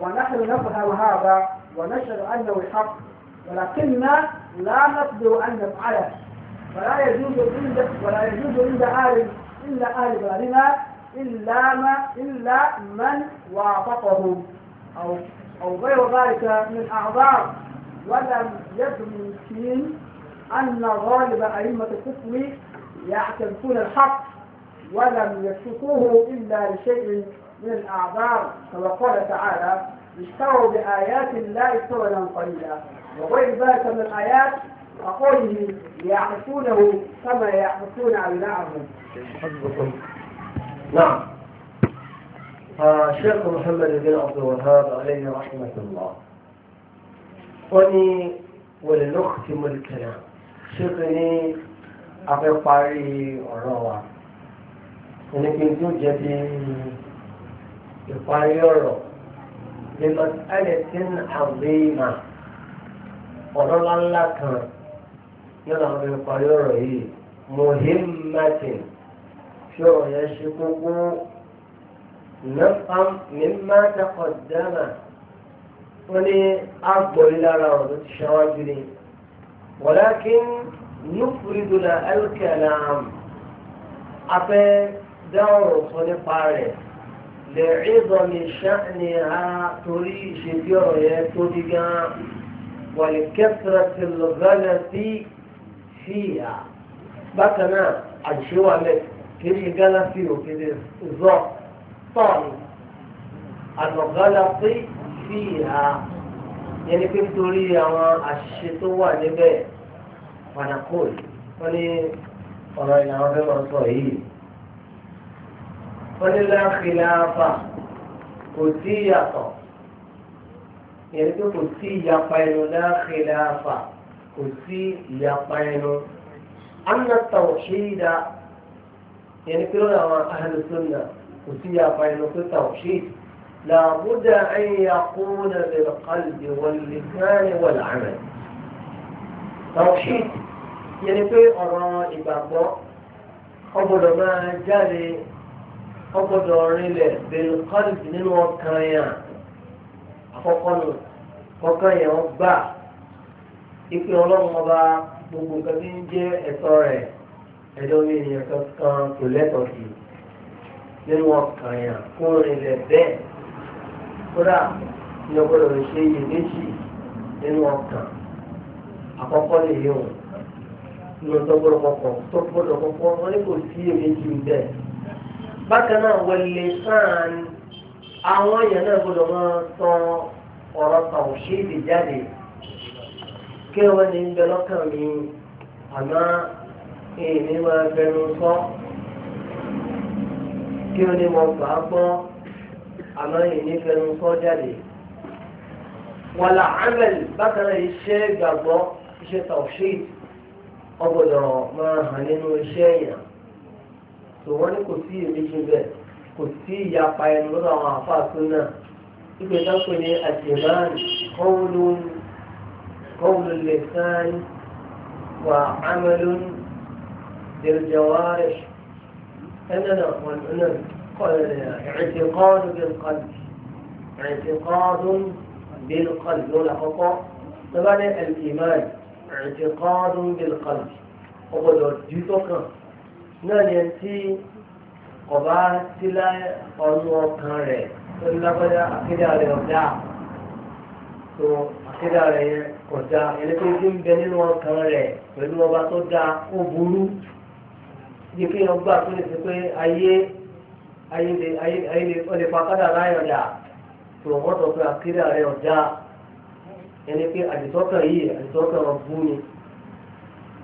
ونحن نفهم هذا ونشهد أنه حق ولكن لا نقدر أن نفعله فلا يجوز عند ولا يجوز عند آل إلا آل بلدنا إلا ما إلا من وافقه أو أو غير ذلك من أعذار ولم يبن المسلمين أن غالب أئمة الكفر يعترفون الحق ولم يتركوه إلا لشيء من الأعذار كما قال تعالى اشتروا بآيات الله ثمنا قليلا وغير ذلك من الآيات وقوله يعرفونه كما يعرفون أبناءهم. نعم. فشيخ آه، محمد بن عبد الوهاب عليه رحمة الله وني ولنختم الكلام شيخني أقفاري إنك ولكن توجد إقاري الروى لمسألة عظيمة ọ̀rọ̀ ńláńlá kan yọ̀nà àwọn ẹni parí ọ̀rọ̀ yìí muhimmatin fi ọ̀rọ̀ yẹn ṣe gbogbo nafam mimma taqaddama wọ́n ní agbọ̀rí lára ọ̀rọ̀ tó ti ṣáwájú ni walakin nufuridu na alkalam afẹ́ dáhùn sọ nípa rẹ̀ lè rí ìdọ̀mí ṣáà ní a torí ìṣèjọ́ rẹ̀ tó dí والكثرة الغلط فيها بكنا àṣewà lẹ̀ kìí ṣe gálásì ò kìí zọ tọ́ọ̀nù àlọ́gálásì sí ìhà yẹni pé nítorí àwọn àṣìṣe tó wà níbẹ̀ panacol wọ́n ní ọ̀rọ̀ ìlànà fẹ́ máa sọ yìí wọ́n ní láàkìlá afa kò sí ìyàtọ̀ يعني كرسي يقين لا خلاف كرسي يقين أن التوحيد يعني كلنا أهل السنة كرسي يقين في التوحيد لا بد أن يكون بالقلب واللسان والعمل توحيد يعني في أراء بابا قبل ما جاري قبل بالقلب من وكريان àkọ́kọ́ nù kọ́kọ́ yẹn wọ́n gbà ipe ọlọ́run ọba gbogbo nǹkan tí ń jẹ́ ẹ̀tọ́ rẹ̀ ẹ̀dọ́ mi ènìyàn kankan kò lẹ́tọ̀ọ́ sí nínú ọkàn yẹn kó rinlẹ̀ bẹ́ẹ̀ kódà ní ọgbọ́dọ̀ ṣe iye méjì nínú ọkàn ni nìyí o ní ọgbọ́dọ̀ kọ̀kọ́ tó gbọ́dọ̀ kọ̀kọ́ wọn ní kò sí iye méjì bẹ́ẹ̀ bákan náà wọlé sáà ni àwọn èèyàn náà gbọdọ̀ máa tọ ọ̀rọ̀ tàwọn ṣe é jáde kí wọ́n ní bẹ lọ́kàn mi àmọ́ èmi máa bẹnu sọ kí wọ́n ní mo gbà á gbọ́ àmọ́ èmi bẹnu sọ jáde wàlà amẹ́lì bákan náà iṣẹ́ gbàgbọ́ iṣẹ́ tàwọn ṣe ọgbọdọ̀ máa hàn nínú iṣẹ́ èèyàn tòun ní kò sí èmi jù bẹ́ẹ̀ kò sí ìyapa ẹnu lọ́dọ̀ àwọn àfáà tó náà ibi tó pè ní àjẹmán kọ́wùlù lẹ́sán wà ámẹ́lún dèrèjẹwárẹ̀ ẹnana ọ̀nà ẹ̀ẹ́dẹ̀kọ́dún bẹ́ẹ̀kọ́dún ẹ̀ẹ́dẹ̀kọ́dún bẹ́ẹ̀kọ́dún lọ́la kọ́kọ́ lọ́ba ní ẹ̀ẹ́dẹ̀kọ́dún ẹ̀ẹ́dẹ̀kọ́dún bẹ́ẹ̀kọ́dún ọgbọ́dọ̀ jù sọ́kàn náà ni ẹ̀ ọba sílá ọrùn ọkàn rẹ̀ tó lágbájá akéde rẹ̀ ọ̀dà tó akéde rẹ̀ yẹn ọ̀dà ẹlẹ́tọ́ tí ń bẹ nínú ọkàn rẹ̀ pẹ̀lú ọba tó da ó burú yìí kí wọ́n gbà tó lè fi pé ayé ayé lè ayé lè ọ̀lẹ́ pàkádà láyọ̀dà tó wọ́n sọ pé akéde rẹ̀ ọ̀dà ẹni pé àdìsọ́kàn yìí àdìsọ́kàn ọ̀gbun ni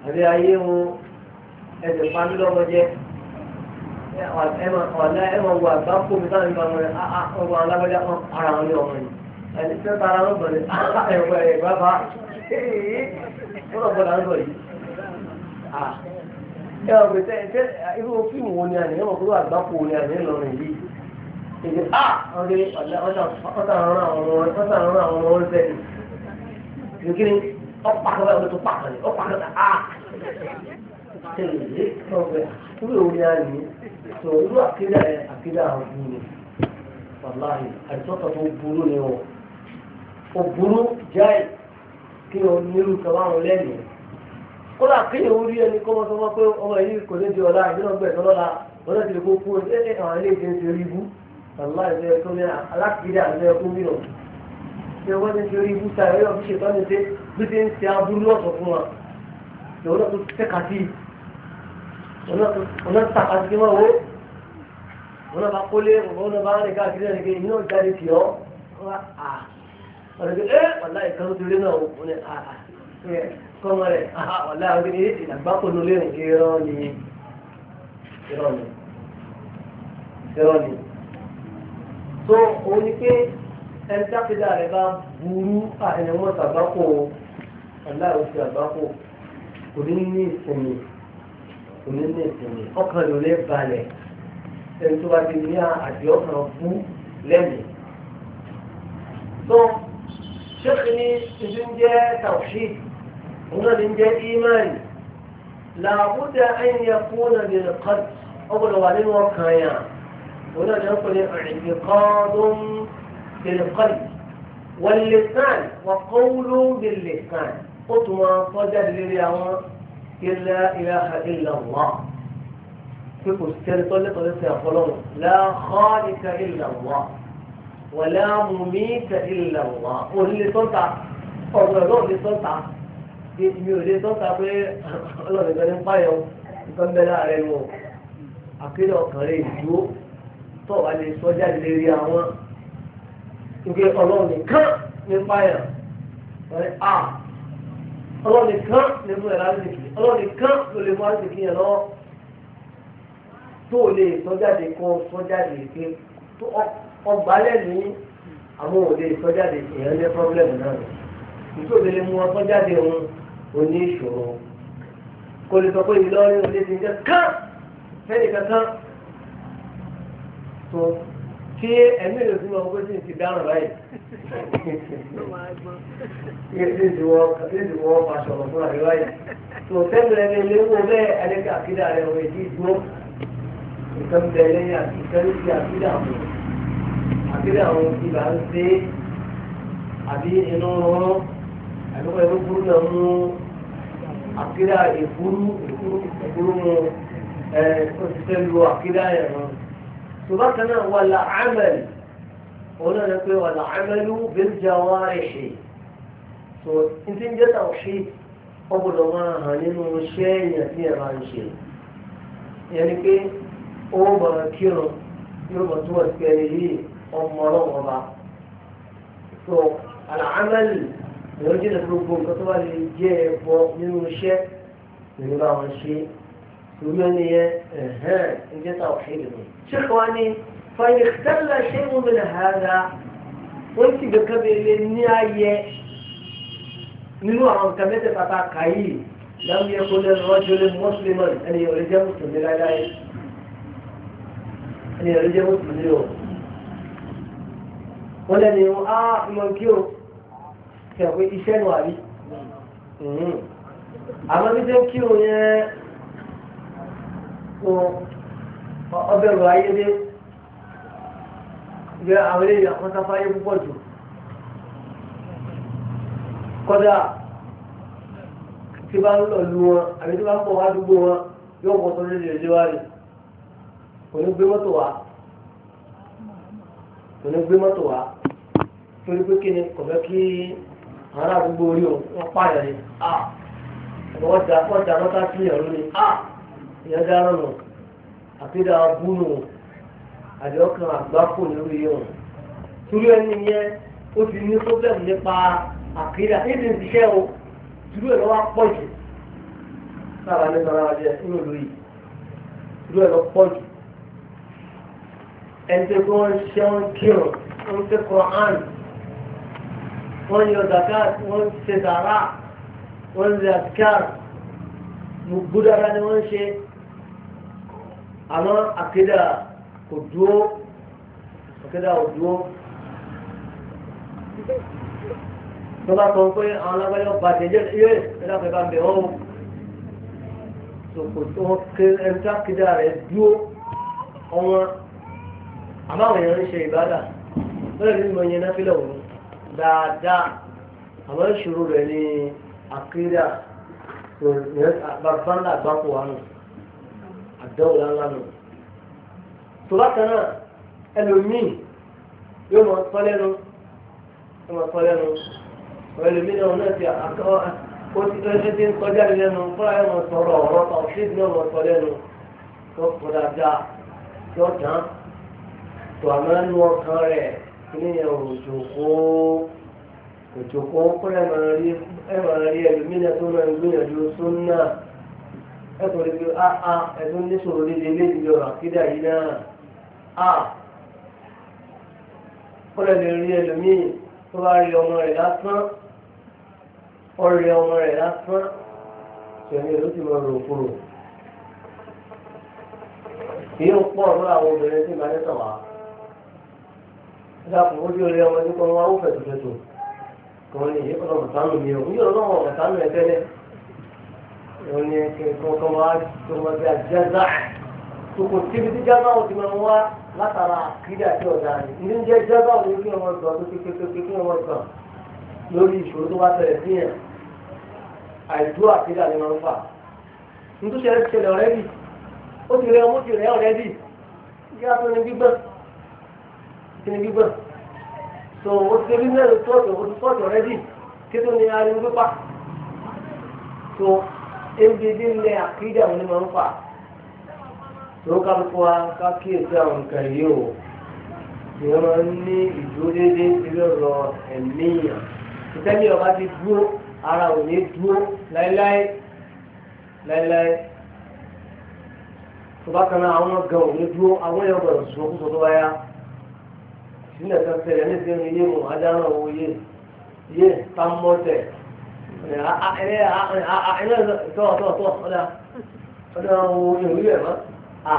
àbí ayé wọn ẹsẹ̀ pàmílọ́mọdé ọ̀lá ẹ̀mọ̀ wà bá kó mi táwọn ìgbà wọn ọgbọ̀n alágbájá wọn ara wọn ní ọmọ yìí ẹni tí ó tara wọn bọ̀ ní ah, ah, ẹ̀wọ̀ ẹ̀ bàbá ó lọ bọ̀dà ń bọ̀ yìí. ẹ ọ pé tẹ irú fíìmù wo ni àná ẹ mọ̀ kúrò àgbákò wo ni àná ìlọrin yìí èdè á ọdẹ ọ̀lá ọ̀tàrán àwọn ọmọ wọn ń sẹ́yìn nìkiri ọ̀pàkàtà ọ̀tún pàkàtà ọ̀pàkàtà á. Ah. Ṣé ìwé ọ̀gbẹ́ ìwé òun ni a nìyí? tó irú àkídà ẹ àkídà ọ̀gbìn ni wàláhì àìsọ́kà tó burú ni o ò burú jáì kí o nílù kàmáwọn lẹ́nu kódà kéèyàn ó rí ẹni kó wọ́n sọ wọ́n pé ọmọ yìí kò ní di ọ̀la ìdílọ́gbẹ̀ẹ́ tọ́lọ́la wọ́n lọ́ọ́ ti lè kó kú ẹ ẹ àwọn ilé ìdílé ti rí ibú wàláhì bẹ́ẹ̀ tó ní alákìídà àti ẹkún mìíràn ṣe wọ́n ti fi orí ibú ta ẹ̀rọ fi ṣètọ́ ní pé bí ti ń ṣe aburú ọ̀sọ̀ fún wa ìwọ́n náà tó tẹ́ka sí i wọn náà tàkà sí wọn wo wọn náà bá kólé wọn náà bá rìn káàkiri náà nìkan iná jáde tì ọ́ wọn ni eh, ẹ wàlá ìkan tó lé náà wọn ni kọ́mọ rẹ̀ wàlá àwọn ènìyàn ti àgbákò ló lé nìkan irọ́ ni irọ́ ni irọ́ ni so òun ni pé ẹnìtàkìdá rẹ̀ bá burú àìyẹ̀wọ̀n tàbákò wàlá òsì àgbákò kò ní ní ìsinmi onílé ìsinmi ọkàn ló lè balẹ̀ ẹni tó bá ti ní àdìẹ ọkàn fún lẹ́mìí. tó ṣéèkì ní ibi ń jẹ́ tawhid òun náà ní ń jẹ́ imani làbúdà ẹ̀yìn ẹ̀kún náà lè kọ́ ọgbọ̀dọ̀ wà nínú ọkàn yẹn òun náà ní wọ́n pè ní i'tiqadun bil qalbi wal lisan wa qawlun bil lisan ó tún wọn fọ́jà lórí àwọn. لا إله إلا الله فيكو ستلتولي طلبتها قولون لا خالق إلا الله ولا مميت إلا الله واللي تنطع ọ̀gbọ̀n ló lè tọ́ta mi ò lè tọ́ta pé ọlọ́run ìgbẹ́ni páyọ̀ nǹkan bẹ́ẹ̀ láàrin wọn àkéde ọkàn rẹ̀ dúró tọ́ wa lè sọ jáde lè rí àwọn nígbà ọlọ́run nìkan ní páyọ̀ wọ́n ní ọlọ́run nìkan ní ọlọ́run nìkan ló lè mú àṣìkí yẹn lọ́wọ́ tó o lè sọ́jáde kọ́ sọ́jáde pé ọgbà lẹ́nu àwọn ò lè sọ́jáde èèyàn ní pọ́blẹ́mù náà nítorí lè mú wọn sọ́jáde òun oní ìṣòro kò lè sọ pé Ìlọrin ò lè ti jẹ́ kán fẹ́ni kankan tó tí ẹ̀mí rẹ̀ sí ọgbẹ́ sì ti dáràn báyìí kí ẹ sì ti wọ́n aṣọ ọ̀rọ̀ fúnra rẹ̀ báyìí tó tẹ́lẹ̀ ní ilé wo bẹ́ẹ̀ ẹlẹ́kẹ́ àkídà rẹ̀ wọ̀ èdè ìgbó nǹkan bẹ̀ lẹ́yìn àti ìkẹ́lẹ́ sí àkídà mọ̀ àkídà àwọn ìbá ń ṣe àbí inú rán àbí wọ́n ẹ̀rọ burú náà mú àkídà ìfúrú ìfúrú mu ẹ̀ òṣìṣẹ́ lu àkídà yẹn rán. tó bá kan náà wà lá àmẹ́lì òun náà ní pé wà lá àmẹ́lì bẹ́ẹ̀ ọgbọ́dọ̀ máa hàn nínú iṣẹ́ èèyàn tí ẹ̀rọ ń ṣe ìyẹn ni pé ó máa kírun yóò mọ̀ tó wọ́n ti ẹni yìí ọmọ ọlọ́wọ́ bá tó àlàámẹ́lì ìyẹn jìnnà tó gbogbo nǹkan tó bá lè jẹ́ ẹ̀bọ nínú iṣẹ́ ìlú bá wọn ṣe ìlú ẹni yẹn ẹ̀hẹ́n ìjẹ́ ta ọ̀ṣẹ́ ìdìbò. ṣé kò wá ní fàyè tẹ́lẹ̀ ṣé ń wọlé hàdá wọ́n ti gbẹ̀kẹ́ bẹ̀rẹ̀ ní ayẹ nínú àwọn nǹkan mẹ́tẹ̀ẹ̀ta tá a kà yìí láwọn yẹ kó lẹ́nu rọ́jò lé mùsùlùmí ẹni yẹn ò lè jẹ́ mùsùlùmí láéláé ẹni yẹn ò lè jẹ́ mùsùlùmí o wọ́n lẹ́nu yẹn á lọ kí o kẹ̀ pé iṣẹ́ nù àrí hmm. àmọ́ bí jẹ́ kí o yẹn ọbẹ̀ rọ̀ ayé dé àwọn eléyìí àkọ́sáfáyé púpọ̀ jù. kọ́dà tí bá ń lọ lu wọn àbí tí bá ń bọ̀ wá dúgbò wọn yóò wọ́n tó lé lè wá rè kò ní gbé mọ́tò wá kò ní gbé mọ́tò wá torí pé a wọ́n wọ́n sí ìyàn lónìí dáná nù àgbákò torí ẹni yẹn ó ti ní nípa. àkìlà èdè ìṣiṣẹ́ o dúró ẹ̀rọ wa pọ̀ jù sábà ní sọ́ra wájú ẹ̀ nínú ìlú yìí dúró ẹ̀rọ pọ̀ jù ẹni tó kí wọ́n ṣiṣẹ́ wọn kírun wọ́n ṣe Quran wọ́n yọ zakat wọ́n ṣe sàrà wọ́n ṣe àtikár gbogbo dára ni wọ́n ṣe àmọ́ àkìlà kò dúró àkìlà ò dúró tó bá sọ pé àwọn alágbáyọ̀ bá tẹ̀lé yé ẹ̀dàpẹ̀ bá ń bẹ̀ ọ́n sòkò tó ẹni tá kéde rẹ̀ dúró ọmọ àbáwọn èèyàn ń ṣe ìbádà bẹ́ẹ̀ ni mo yẹn náfílẹ̀ òun dáadáa àmọ́ ìṣòro rẹ̀ ni àkídà bàbá ńlá àgbákò wa nù àdánwò ńlá nù. tó bá kan náà ẹlòmíì yóò mọ̀ ọ́ tọ́lẹ́nu yóò mọ̀ ọ́ tọ́lẹ́nu ẹlòmínà náà ti àkọ́ ó ti ẹsẹ̀ ti ń kọjá lẹ́nu fúnra ẹ̀ mọ̀ sọ̀rọ̀ ọ̀rọ̀ kan ṣé ìdílé mọ̀ sọ lẹ́nu tó kọ dáadáa tí ó dán tó àmọ́ ẹnu ọkàn rẹ̀ níyẹn òjòkó òjòkó fúnra ẹ̀ mọ̀ rí ẹlòmínà tó náà ń gbìyànjú súnà ẹ̀kọ́ rẹ̀ pé áá ah, ah, ẹ̀dún níṣòro líle léjì lọ́rọ̀ àkídà yìí náà á fúnra ẹ̀ lè rí ẹlòmíì tó bá rí ọmọ rẹ̀ lásán ọ̀rẹ́ ọmọ rẹ̀ lásán ìṣẹ̀lẹ̀ ló ti máa rò kúrò. Èyí ń pọ̀ lọ́wọ́ àwọn obìnrin tí màá nẹ́tàn wá. Ìdàpọ̀ ojú orí ọmọ ní kan wá ó fẹ̀tùfẹ̀tù. Kàn ní ìyẹ́kọ̀ náà mọ̀tánù mi ò. Ní ọ̀nà àwọn mọ̀tánù ẹ̀ tẹ́lẹ̀. Wọ́n ní kẹ̀kọ́ kan wá tó máa bí àjẹ́zá. Tòkò tíbi tí jábá ò ti máa wá látara àkídà tí ọ̀dà rẹ̀. Ní jẹ́ jábá ò ní kí ọmọ gbọ̀n tó kékeré kí ọmọ gbọ̀n lórí ìṣòro tó bá tẹ̀lẹ̀ sí yẹn àìdúró àtẹ́lẹ̀ àlẹ́ máa ń fà nítorí ṣẹlẹ̀ ṣẹlẹ̀ ọ̀rẹ́dì ó ti rẹ ọmọ ti rẹ ọ̀rẹ́dì yíyá tó ní gbígbọ́n tó ní gbígbọ́n tó o ti rí mẹ́rin tọ́ọ̀tù o ti tọ́ọ̀tù ọ̀rẹ́dì kí tó ní ariwo pípa tó ebi bí nílẹ̀ àkídà òní máa ń fà tó ká lóko wa ká kíyèsí àwọn nǹkan yìí o ìyẹn máa ní ìdúró déédéé ti lọ́rọ̀ ẹ̀mí yàn ìtẹ́lẹ̀ ọba ti ara ò ní dúró láéláé láéláé tó kan náà àwọn gan ò ní dúró àwọn èèyàn gbọdọ̀ sùn kó tó bá yá ya kan tẹ̀lẹ̀ ní ti rìn yé mu adáná ya yé yé pamọ́tẹ̀ ẹ̀yẹ tọ̀tọ̀tọ̀ ọ̀dà ọ̀dà owó yé orí a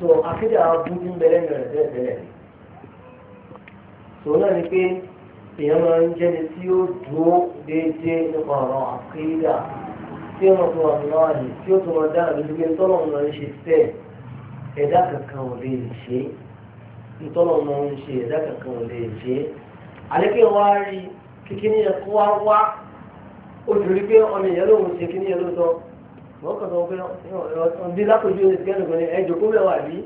tó akéde àwọn búdí ń bẹ̀rẹ̀ ń bẹ̀rẹ̀ tó náà pé. èèyàn máa ń jẹ́ni tí ó dúró déédéé nípa ọ̀rọ̀ àkéyídà tí ó máa tó wà nínú àyè tí ó tó máa dára lójú pé ntọ́nà máa ń ṣe tẹ̀ ẹ̀dá kankan ò lè ṣe ntọ́nà máa ń ṣe ẹ̀dá kankan ò lè ṣe àlékè wá rí kíkíní yẹn kó wá wá ó dúró pé ọmọ ìyẹn lòun ṣe kíní yẹn ló sọ wọ́n kàn sọ pé ọ̀dí lápòjú ẹni tí ẹnìkan ní ẹjọ́ kó mẹ́wàá rí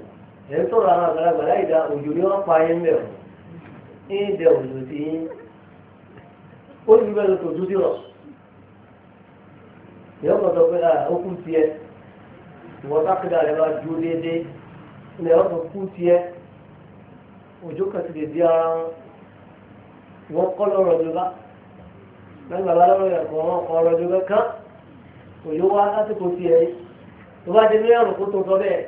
ẹ̀ ń sọ̀rọ̀ àwọn àgbàlagbà láì dá òjò ní wọ́n pa ayé mẹ́wàá ní ìdẹ̀ òjò tí yín ó ní bẹ́ẹ̀ tó dúdú rọ̀ ìyá ọ̀pọ̀ sọ pé ah, ó kú tiẹ̀ ìwọ́n sákìdá rẹ̀ bá dúró déédéé ní ẹ̀rọ tó kú tiẹ̀ òjò kan ti lè di ara wọn kọ́ lọ́rọ̀ ló bá lẹ́gbàá bá lọ́rọ̀ yẹn kọ́ wọn kọ́ ọ̀rọ̀ ló bẹ́ kán òjò wá lásìkò tiẹ̀ tó bá dé nínú ẹ̀rùn kó tó sọ bẹ́ẹ̀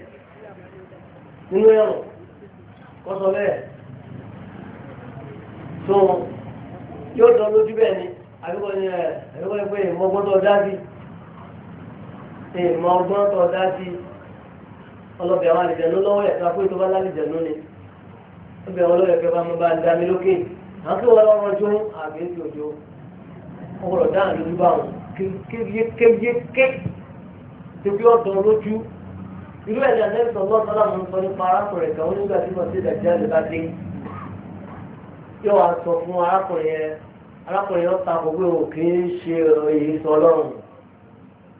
nínú ẹ̀rùn kó sọ bẹ́ẹ̀ tó. yóò dán lójú bẹ́ẹ̀ ni àbíkọ́ ni àbíkọ́ ni pé ìmọ̀ ọgbọ́n tó dá sí ìmọ̀ ọgbọ́n tó dá sí ọlọ́bẹ̀ àwọn lọ́wọ́ ẹ̀ tó bá ni ọbẹ̀ kẹfà bá ń lókè àwọn kí wọ́n jó dáhùn lójú bá wọn kéyéké tóbi ọ̀dọ́ lójú irú ẹ̀ ní yóò wá fún arákùnrin arákùnrin yóò ta gbogbo òkè ṣe èyí sọ lọ́rùn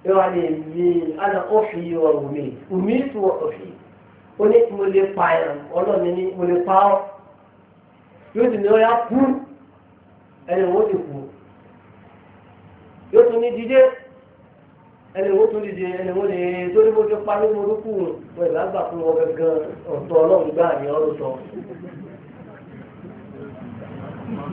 yóò wá lè yí ana ọ̀fì ọ̀rùn mi tù ọ̀fì ó ní mo lè pa ẹ̀rùn ọlọ́ọ̀ni ní mo lè pa ọ́ yóò sì ní ọ̀yà kú ẹni wọ́n ti kú yóò tún ní dídé ẹni wo tún dìde ẹni wo lè torí bó ti parí mo ló kù wọn ìgbà gbà fún wọn gangan ọ̀tọ̀ ọlọ́run gbà ní ọ̀rọ̀ sọ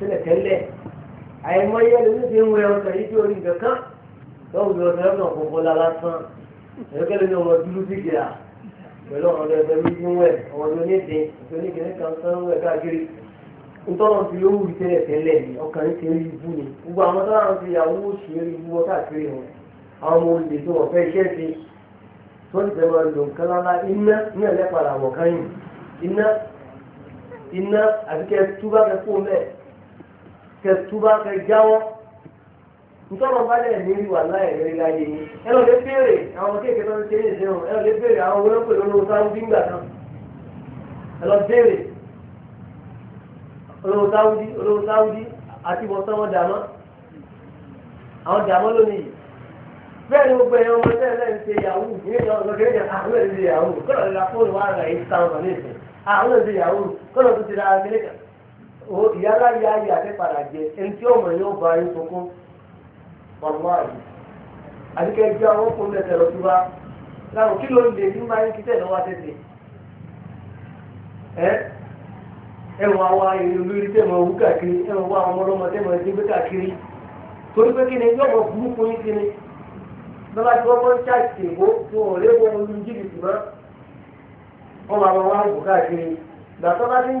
tẹ́lẹ̀tẹ́lẹ̀ àìmọye lórí ti ń wẹ ọ̀sẹ̀ yìí tí orí nǹkan kan lọ́wọ́ bí ọ̀sẹ̀ ọ̀nà kọ̀ọ̀kọ̀ la lásán ẹ̀rọ̀kẹ́lẹ́ ní ọmọ dúró síkè à pẹ̀lú ọ̀rọ̀ ẹ̀fẹ́ mi ti ń wẹ̀ ọmọ tó ní ìdè tó ní kan sán wẹ̀ káàkiri ntọ́nà ti lówù tẹ́lẹ̀tẹ́lẹ̀ ni ọkàn ti rí ibú ni gbogbo àwọn tó láwọn ti yàwó oṣù rí ibú káàkiri wọn àwọn ọmọ olè tó wọ́n fẹ́ iṣẹ́ ti tó ti tẹ̀lé ọdún kan lára iná ní ẹ̀lẹ́pàdà wọ̀ káyìn iná iná àti kẹ́ túbá kẹ́ fún bẹ́ẹ̀ kẹtùbá kẹ jáwọ́ ntọ́nà bá lẹ̀ ní ìwà láì láyé ẹ lọ́ọ́ lè béèrè àwọn kéèké tó ń ṣe é ṣeun ẹ béèrè àwọn owó kan ẹ lọ́ọ́ béèrè olówó sáwùdí olówó sáwùdí àti ìwọ̀sán wọn dàmọ́ àwọn lónìí ni gbogbo ọmọ ń ṣe yahoo O láyé ayé àtẹ́padà jẹ ẹni tí ọmọ yóò bá yín sunkún ọ̀gbọ́n àyè àdìkẹ́ jẹ́ àwọn fún mẹ́tẹ̀ lọ túbá láwọn kí ló ń lè ní máa ń kí tẹ̀lé tẹ̀lé ẹ ẹwọn àwa olórí tẹ̀mọ̀ owó káàkiri ẹwọn wá àwọn ọmọdọ́mọ tẹ̀mọ̀ ẹgbẹ́ káàkiri torí pé kí ni yóò mọ̀ burúkú yín kí ni bàbá tí wọ́n kọ́ ń ṣàṣìṣe ncha tí wọ́n ò léwọ́ wọ́n máa wá káàkiri gbàtọ́ bá ti ń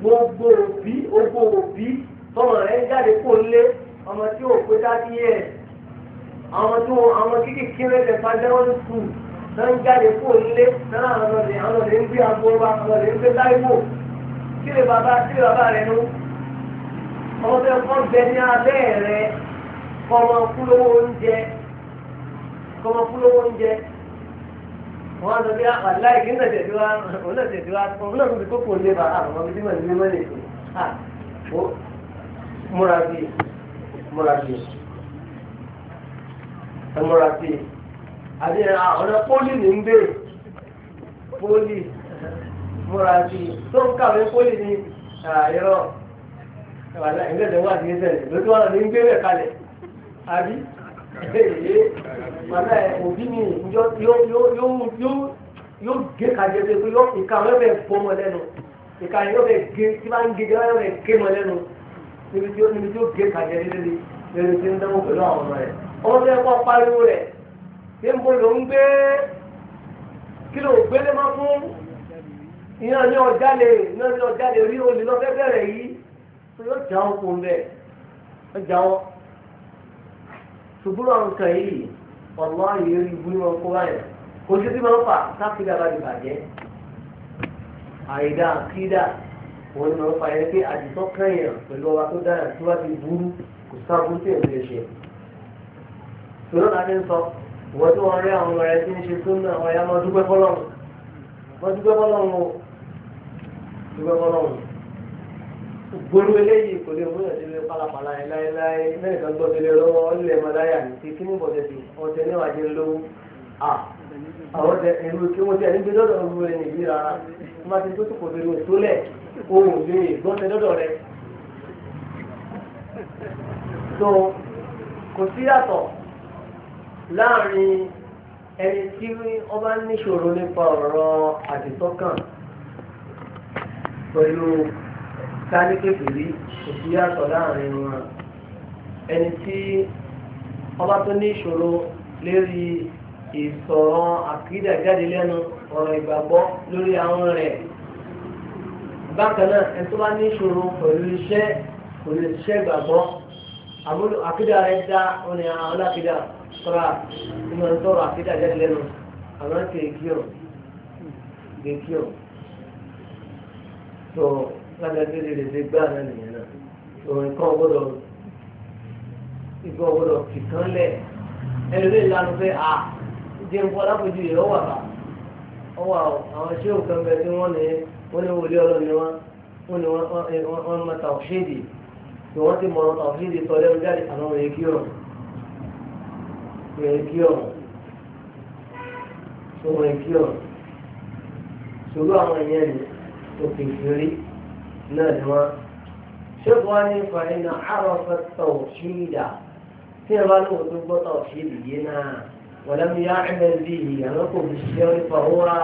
gbogbo òbí gbogbo òbí tọmọ rẹ̀ ń jáde kó lé ọmọ tí ò pé dájú yẹ àwọn tó àwọn kékeré lè fa dẹ́wọ́n sùn náà ń jáde kó lé náà àwọn ọ̀dẹ̀ àwọn ọ̀dẹ̀ ń gbé agbóra àwọn ọ̀dẹ̀ ń gbé láìwò kí lè bàbá kí lè bàbá rẹ̀ nú ọmọ tó yẹ kó bẹ ní abẹ́ rẹ̀ kọ́ kúlówó oúnjẹ kọ́ kúlówó oúnjẹ wọ́n sọ pé àláì ah, kí náà tẹ̀síwá òun náà tẹ̀síwá òun náà tún ti kókò lé bàá àwọn ah, ọmọdé mọ̀ ní mọ́ nìkan à ó múra sí múra sí ẹ múra sí àbí ah, àwọn pólì ní ń bè pólì múra sí tó ń kàwé pólì ní àìrọ̀ ìgbésẹ̀ wà ní ẹsẹ̀ lójú ní ń gbé rẹ̀ kalẹ̀ àbí màmá ẹ òbí mi yóò gé kàjẹ́ pé pé ìka wọn bẹ bọ́ mọ lẹ́nu ìka yẹn yóò bẹ gé tí bá ń gé jẹ́ yóò bẹ gé mọ lẹ́nu níbi tí yóò gé kàjẹ́ lélẹ́lẹ́ lẹ́nu tí ń dánwó pẹ̀lú àwọn ọmọ rẹ̀ ọmọ tó yẹ kó pariwo rẹ̀ ṣé ń bo ló ń gbé kí ló gbélé má fún iná ní ọjà lè iná ní ọjà lè rí olè lọ fẹ́ bẹ̀rẹ̀ yìí yóò jà wọn kó ń bẹ̀ ọjà wọn ṣùgbọ́n àwọn nǹkan yìí ọ̀lọ́ ìyẹn ìbú ni wọn kó báyìí kò sí sí máa ń fà sáfìdá bá di bàjẹ́ àìdá àkídá òun ni máa ń fà yẹn pé àdìsọ́ kẹ́yìn pẹ̀lú ọba tó dára tí wọ́n ti burú kò sábúrú tí èmi lè ṣe ṣòro láti ń sọ ìwọ́n tí wọ́n rí àwọn ọmọ rẹ tí ń ṣe tó ń náà wọ́n yá máa dúpẹ́ fọlọ́run wọ́n dúpẹ́ fọlọ́run o dúpẹ́ fọlọ́run gbogbo eléyìí kò lè mú yàn sílé pálapàla yẹn láéláé mẹ́rin kan gbọ́ sílé lọ́wọ́ ọ̀lẹ́ mọ̀láyà ní ti kíní bọ̀dẹ̀ sí ọ̀tẹ̀ níwájú jẹ́ lówó à àwọn ọ̀tẹ̀ ẹ̀rú kí wọ́n ti ẹ̀ níbi lọ́dọ̀ ọ̀rú rẹ̀ nìyí rárá má ti tó tó kò lórí òtólẹ̀ ohun lè gbọ́sẹ̀ lọ́dọ̀ rẹ̀. so kò sí yàtọ̀ láàrin ẹni tí ọba níṣòro nípa ọ̀rọ̀ àdìsọ́kàn pẹ̀lú ká ní kékeré kò sí yàtọ̀ láàrin wọn ẹni tí ọba tó ní ìṣòro lérí ìsọ̀rọ̀ àkídà jáde lẹ́nu ọ̀rọ̀ ìgbàgbọ́ lórí àwọn rẹ̀ bákan náà ẹni tó bá ní ìṣòro pẹ̀lú iṣẹ́ pẹ̀lú iṣẹ́ ìgbàgbọ́ àmúlò àkídà rẹ̀ dá òní àwọn alákídà sọ́ra ìmọ̀ ń sọ̀rọ̀ àkídà jáde lẹ́nu àwọn kèékì ọ̀ kèékì ọ̀ tó lágbàgbé lè lè gbá náà nìyẹn náà òun kan gbọ́dọ̀ ìgbọ́ gbọ́dọ̀ kìkan lẹ̀ ẹlòmíì lanu pé à jẹun kọ́ lápòjú yìí ọwà bá ọwà àwọn ṣé òkan bẹ tí wọ́n ní wọ́n ní wòlé ọlọ́ni wọn wọ́n ní wọ́n mọ tàwọ́ṣẹ́dì tí wọ́n ti mọ tàwọ́ṣẹ́dì tọ́ lẹ́nu jáde àwọn òye kí ọ̀run òye kí ọ̀run òye kí ọ̀run ṣòro àwọn ìyẹn ni òkè ìṣeré náà ni wọ́n ṣéèkù wá ní fàyínà àròfẹ́ tọ̀ṣídà tí ẹ bá lóun tó gbọ́ tọ̀ṣídì yìí náà wọ̀lẹ́mi yá ẹ̀mẹ́ bí i àwọn kò fi ṣe nípa wá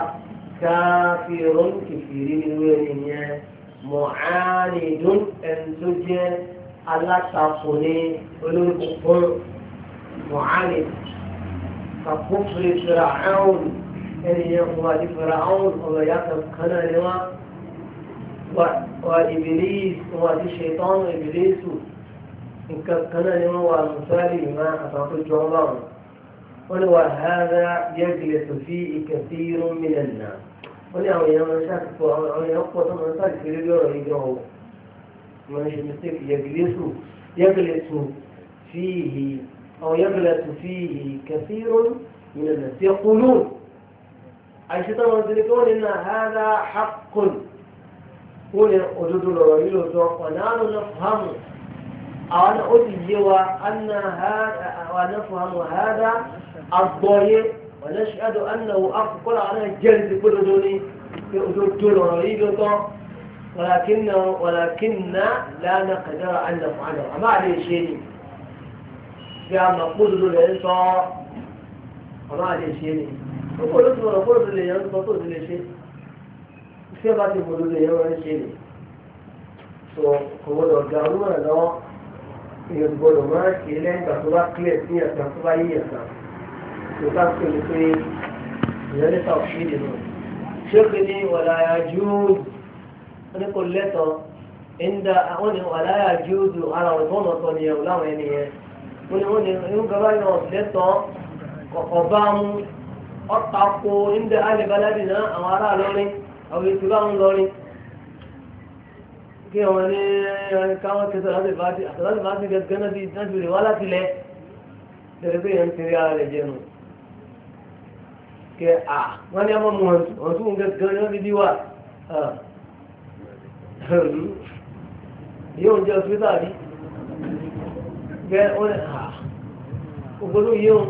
káfíìrún kìfìrí nínú ẹni yẹn mọ̀ánìdún ẹni tó jẹ́ alátakò ní olórí kòkòrò mọ̀ánìdún kàkófìrí fìrà áwùn ẹni yẹn kò wá ní fìrà áwùn ọ̀rọ̀ yàtọ̀ kan náà ni wọ́n. وإبليس وهذه الشيطان وإبليس إن كتنا لنوى المثالي ما أطاق الجولان ولو هذا يجلس فيه كثير من الناس ولو إنما شاكت وعلى أقوة المثالي في ربيع ويجره من الشمسك يجلس يجلس فيه أو يجلس فيه كثير من الناس يقولون أي شيطان وإبليس والذلكون إن هذا حق ó lè òdodo lọ̀rọ̀ yìí lòótọ́ ọ̀nàánú náà fàámù àwọn ó ti yé wa àná fàámù àádá agbọ́yé ọ̀nà ṣáàdù ànáwó akọ̀kọ́lá àná jẹ́rìí gbódodo ní òdodo lọ̀rọ̀ yìí lòótọ́ wàlákínà wàlákínà lánà kàdára àná fàánù àmà àlè ṣe ni bí a mọ̀ gbódodo rẹ̀ ń sọ ọ̀nà àlè ṣe ni ó kò lóṣù ọ̀rọ̀ gbódodo lè yẹn ń sọ tó ti lè ṣe. tí ó bá ti bò lóde yẹn wọ́n ṣe lè sọ kò gbọdọ̀ ga owó rẹ̀ lọ́wọ́ èèyàn gbọdọ̀ máa ṣe lẹ́yìn ìgbà tó bá clear sí ẹ̀sán tó bá yí ẹ̀sán tó bá pè ní pé ìyẹn ní sàwọn ṣe lè lọ. ṣé o pè ní wàláyà júùdù ó ní kò lẹ́tọ̀ọ́ ìndà àwọn ní wàláyà júùdù ara ọ̀tọ̀ ọ̀tọ̀ nìyẹn ò láwọn ẹni yẹn ó ní wọ́n ní irú bàbá yẹn ọ̀lẹ́tọ̀ọ́ kọ̀ọ̀bá mú ọ̀tàkùn alẹ́ balẹ̀ náà àwọn ará lọ́rin àwọn ètò láwọn lọrin kí wọn ní káwọn kẹsọ láti bá ti àtàláti bá ti gẹ́gẹ́ náà bíi náà bìrì wá láti lẹ tẹ̀lé pé yẹn ń tẹ̀lé ara rẹ̀ jẹnu kẹ à wọn ní àwọn ọmọ wọn tún gẹ́gẹ́ náà bíi wà yóò jẹ́ òṣìṣẹ́ àbí kẹ wọn ní à ògbóló yóò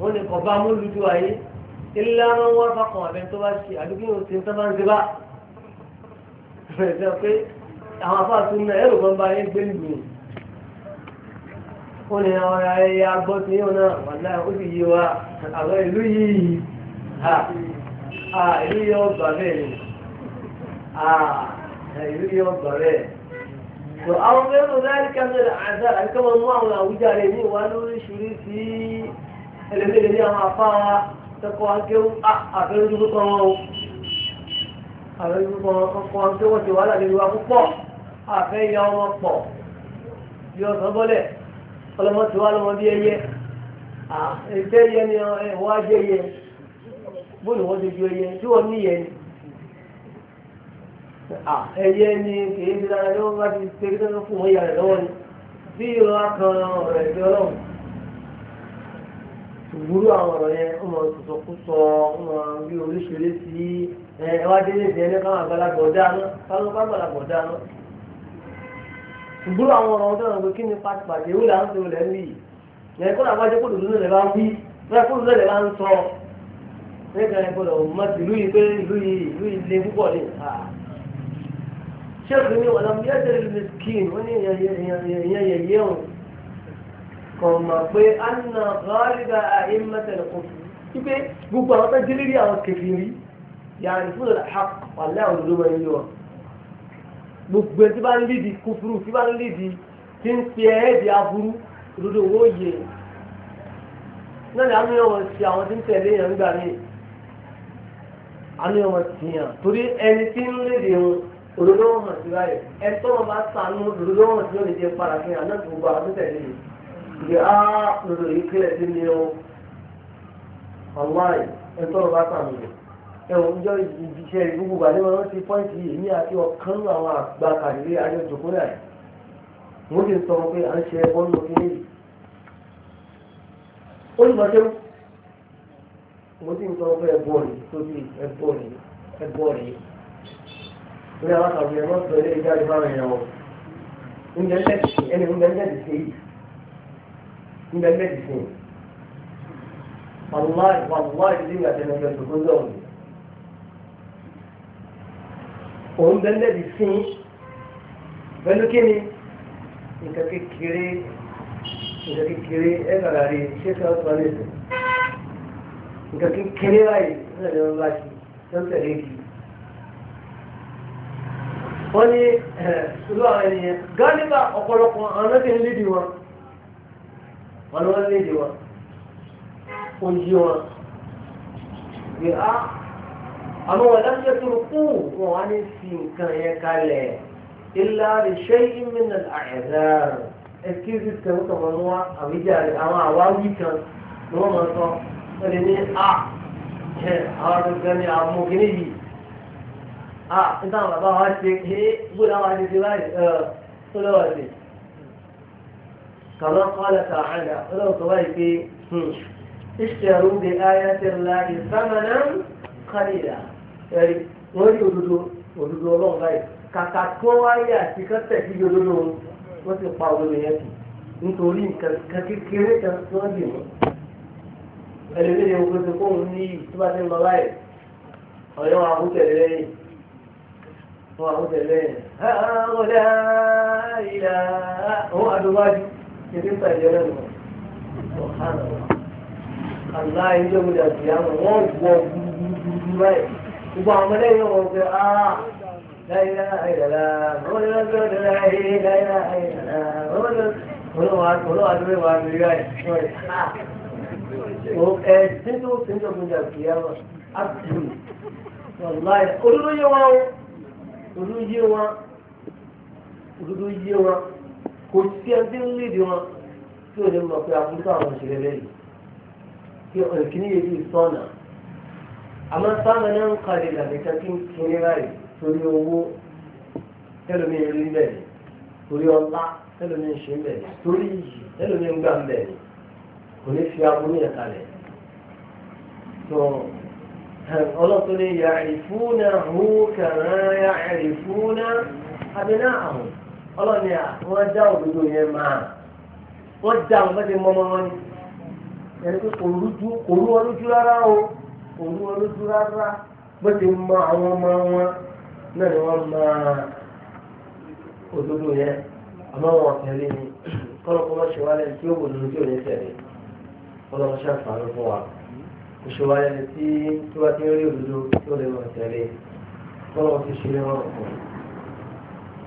wọn ní kọ̀ bá ayé ilé ara wọn fakọ̀ abẹ tó bá ṣe àdúgbò yóò ṣe sábà ń ṣe bá ṣe pé àwọn afáàtún náà ẹrù kan bá yẹn gbé lù ú ó ní àwọn ẹyẹ agbọ́ sí yóò náà wà náà ó sì yé wa àwọn ìlú yìí ìlú yìí ọgbà bẹ́ẹ̀ ni ìlú yìí ọgbà bẹ́ẹ̀ tó àwọn mẹ́rin láì kẹ́mẹ́rẹ́ àdá àti kẹ́mọ̀ mú àwọn àwùjáre ní ìwà lóríṣiríṣi ẹlẹ́mẹ́lẹ́ ní àwọn afáwa tẹ́kọ̀ọ́ akéwù ah, wọ́n ti wàhálà lè wá púpọ̀ àfẹ́ ya ọmọ pọ̀ bí ọ̀sán bọ́lẹ̀ ọlọ́mọ ti wá lọ́mọ bí ẹyẹ ẹ̀fẹ́ yẹ ni ẹ̀wọ́ ajé bóòlù wọ́n ti ju ẹyẹ tí wọ́n níyẹ ni ẹyẹ ni kìí ti dára ní wọ́n bá ti ṣe fún wọn yàrá lọ́wọ́ ni bí ìrọ̀ akàn ọ̀rọ̀ ẹ̀fẹ́ ọlọ́run ìgbúrú àwọn ọ̀rọ̀ yẹn wọ́n máa sọ̀sọ̀ kú sọ wọ́n máa oríṣiríṣi ẹ délé ìdí ẹni káwọn àgbàlagbà ọ̀dá náà káwọn àgbàlagbà ọ̀dá náà. ìgbúrú àwọn ọ̀rọ̀ ọ̀dọ́ náà kí ni pàtàkì ìwé là ń sọ ilẹ̀ ń bì yẹn kó làwọn ajẹ́ kódòdó bá ń wí bẹ́ẹ̀ kódòdó bá ń sọ. nígbà yẹn gbọdọ̀ mọ ìlú yìí pé ìlú yìí ìlú ọmọ pé anna ghaliba a'immatul kufr wípé gbogbo àwọn tó jẹ́ lérí àwọn kèfèrí yàrá fún al-haqq wàlẹ́ àwọn òdodo máa ń yé wa gbogbo ẹ̀ tí bá ń lídi kúfúrú tí bá ń lídi tí ń fi ẹ́ di aburú òdodo owó yè náà ni àmì ọmọ sí àwọn tí ń tẹ̀lé yẹn ń mí àmì ọmọ sí yàn torí ẹni tí ń léde wọn òdodo wọn mọ̀ sí báyìí ẹ tọ́wọ́ bá sànú òdodo wọn mọ̀ yàn lè jẹ́ para fún yàn náà tó gbogbo àwọn tó tẹ̀lé yìí. ìgbé á lòdò yìí kílẹ̀ sí ni o wàláì ẹ tọrọ bá gbàdé wọn ti pọ́ǹtì yìí ní àti ọ̀kan àwọn àgbà ayé náà ti sọ pé à ń ṣe ẹbọ yìí ó ní bàjẹ́ mo ti sọ pé ẹbọ rèé ẹbọ rèé ẹbọ rèé ní àwọn àkàwé ń bẹ méjì fún un wàlúwà wàlúwà ìdílé ìgbà tẹ̀lé ọ̀gbẹ́ ìgbòkó ń dọ̀rùn òun bẹ méjì kiri, un pẹ̀lú kí ni nǹkan kékeré nǹkan kékeré ẹ̀ kàrà rí ṣé kí wọ́n tó wọlé sùn nǹkan kékeré láì náà ni wọ́n bá ṣe tó ń tẹ̀lé kì í wọn ni wọ́n léde wọn ó yí wọn gbé á ah, àmọ́ wọn láti ṣe kú wọn wá ní fi nǹkan yẹn kalẹ̀ ilá lè ṣe ìmìnà àyẹ̀dá ẹkírí kan tó wọn wá àwíjàre àwọn àwáwí kan ni wọ́n máa sọ wọ́n lè ní a ah, àwọn àwọn ọmọkìnrin yìí ah, كما قال تعالى ولو طويت اشتروا بآيات الله ثمنا قليلا يعني wọ́n rí òdodo òdodo ọlọ́run báyìí kàkà tó wáyé àti kẹ́tẹ̀ sí òdodo wọ́n ti pa òdodo yẹn kù nítorí nǹkan kékeré kan tí wọ́n dì mọ́ ẹlẹ́gbẹ́ yẹn wọ́n ti kó òun ní tó bá ti ń lọ báyìí ọ̀yọ́ wọn àwọn tẹ̀lé lẹ́yìn wọn àwọn tẹ̀lé lẹ́yìn ọ̀dà ìlà òun àdó wájú kìrìtà ìyẹn lọ ọ̀hánà àlá ìjọ mi dà sí àmọ́ wọ́n wọ gbúgbúgbú báyìí gbogbo àwọn ọmọdé yẹn wọ́n fẹ́ á láyé àyàlá ọlọ́dọ̀ láyé láyé àyàlá ọlọ́dọ̀ olówó adúlé wa mi rí àyè ó ẹ dídú síjọ mi dà sí àmọ́ àbúrò wàláyé olóyè wọn olóyè wọn olóyè wọn kò sí ẹni tí ń lè di wọn tí ò ní mọ̀ pé àbúrò àwọn òṣèré rẹ̀ yìí kí ọ̀rẹ́kìní yìí yìí sọ̀nà àmọ́ sáwọn náà ń kalẹ̀ làbẹ́ká kí n kiri ráì torí owó ẹlòmíín rí bẹ́ẹ̀ torí ọlá ẹlòmíín ṣe bẹ́ẹ̀ torí yìí ẹlòmíín gbà bẹ́ẹ̀ kò ní fi aburú yẹn kalẹ̀ tó ọlọ́tún ni ìfúnà hù kàrá yàrá ìfúnà abẹ́nà àwọn ọlọ́ni à wọ́n dá òdodo yẹn máa wọ́n dá àwọn fẹ́ẹ́ mọ́mọ́ wọn ni ẹni pé kò rújú kò rú wọn lójú rárá o kò rú wọn lójú rárá bó ti mọ àwọn ọmọ wọn náà ni wọ́n máa òdodo yẹn àmọ́ wọn tẹ̀lé ni kọ́lọ́kọ́ wọn ṣe wálé tí ó wò lórí tí ò ní tẹ̀lé kọ́lọ́kọ́ ṣàǹfààní fún wa kò ṣe tí tí wọ́n ti rí òdodo tí ó lè mọ̀ tẹ̀lé kọ́lọ́kọ́ ti ṣe é rọrùn fún un.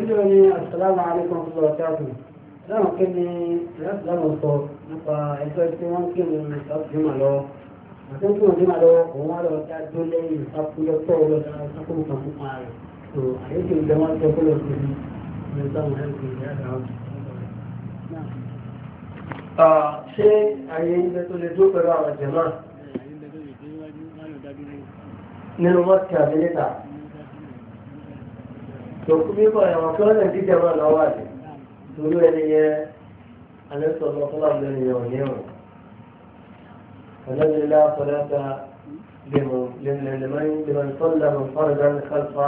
nílò ní àṣàlámà àlékún ọ̀pọ̀lọpọ̀ ọ̀tẹ́kùn láwọn kí ni láwọn sọ nípa ẹjọ́ tí wọ́n kí ni sáfùmà lọ àti tí wọ́n dínà lọ òun wá lọ dá dó lẹ́yìn sáfùyọ́ tó lọ sáfùmù kan fún pa rẹ̀ tó àyèké ìjọ wọn tó kúrò sí ní ìjọba ṣé ayé ń bẹ tó lè dó pẹ̀lú àwọn jẹ̀mọ́ nínú mọ́tì àbílẹ́ta tòkú mímọ ẹ̀wọ̀n kí wọ́n lè dídẹ̀ máa lọ́wọ́ àdé torí ẹni yẹn alẹ́sọ̀ lọ fún àwọn ènìyàn òní ẹ̀wọ̀n ọlọ́dúnlá fọlẹ́ta lèmọ̀lẹ́mọ̀lẹ́mọ̀ tọ́lá mọ̀ fọ́nàdá ní kálífà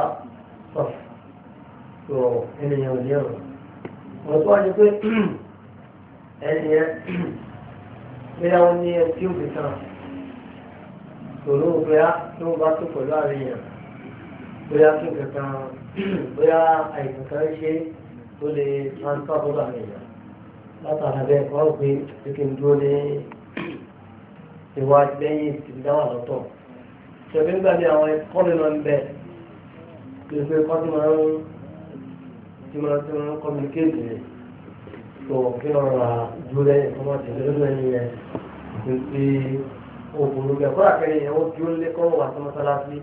sọ̀f tó ènìyàn òní ẹ̀wọ̀n. wọ́n tó wá ní pé ẹni yẹn bí wọ́n ní tí ó kẹta bóyá àìsàn kan ṣe tó lè transfer fún àwọn èèyàn látara bẹ́ẹ̀ kọ́ ọ́ pé pé kí n dúró ní ìwà lẹ́yìn ìdáwà lọ́tọ̀ ṣẹ̀bí nígbà tí àwọn ẹ̀kọ́ mi máa ń bẹ̀ kí n pé kọ́ tí máa ń tí máa tí máa ń communicate rẹ̀ tó kí wọ́n ra dúró lẹ́yìn kọ́ máa tẹ̀lé lórí ẹ̀yìn rẹ̀ kí n pé òògùn lóbi ẹ̀kọ́ àkẹ́yìn ẹ̀ ó dúró lé kọ́ wà sí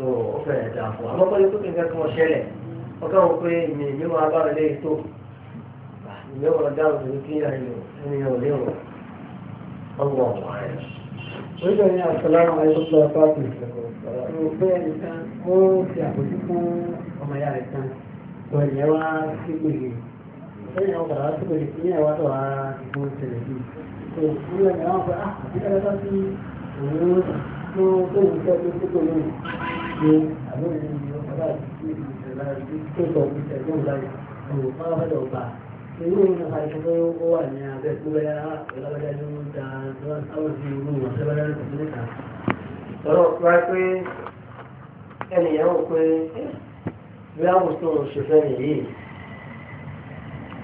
tó o fẹ̀rẹ̀ dà fún àmọ́ kọ́ni tó kí n fẹ́ kọ́ ṣẹlẹ̀ ọkọ̀ wọn pé ìmì ìmì wọn abára lé tó ìmì wọn dáhùn sí kí ènìyàn ò lè rò ọgbọ̀n wọn rẹ̀. oríṣi ní àṣàlámù ayélujára pàtó ìṣẹ̀kọ̀ ọ̀pẹ́ nìkan ó fi àpòjú fún ọmọ ìyá rẹ̀ kan tó wá sí gbèsè lẹ́yìn àwọn bàbá sí gbèsè ní ẹ̀wá tó wá ìbò ìṣẹ̀lẹ̀ yìí tó ìṣúlẹ̀ ní àbíkẹ́lẹ́ bá sí òun tó ń fẹ́ tó lónìí ṣe àlóyè ọ̀gá àti ìṣẹ̀lá ìṣẹ̀lá ìṣẹ̀lá olùkọ́ ọ̀dọ̀ ọba irú nípa ìṣẹ̀lẹ̀ ó wà ní abẹ́ kúbẹ́yà ìlọ́gbẹ́dá ló ń da àwọn sí irú ọ̀sẹ̀lẹ́dá ló ti níta. ọ̀rọ̀ wá pé ẹnìyàn wò pé bí àwọn tó ń ṣe fẹ́ nìyí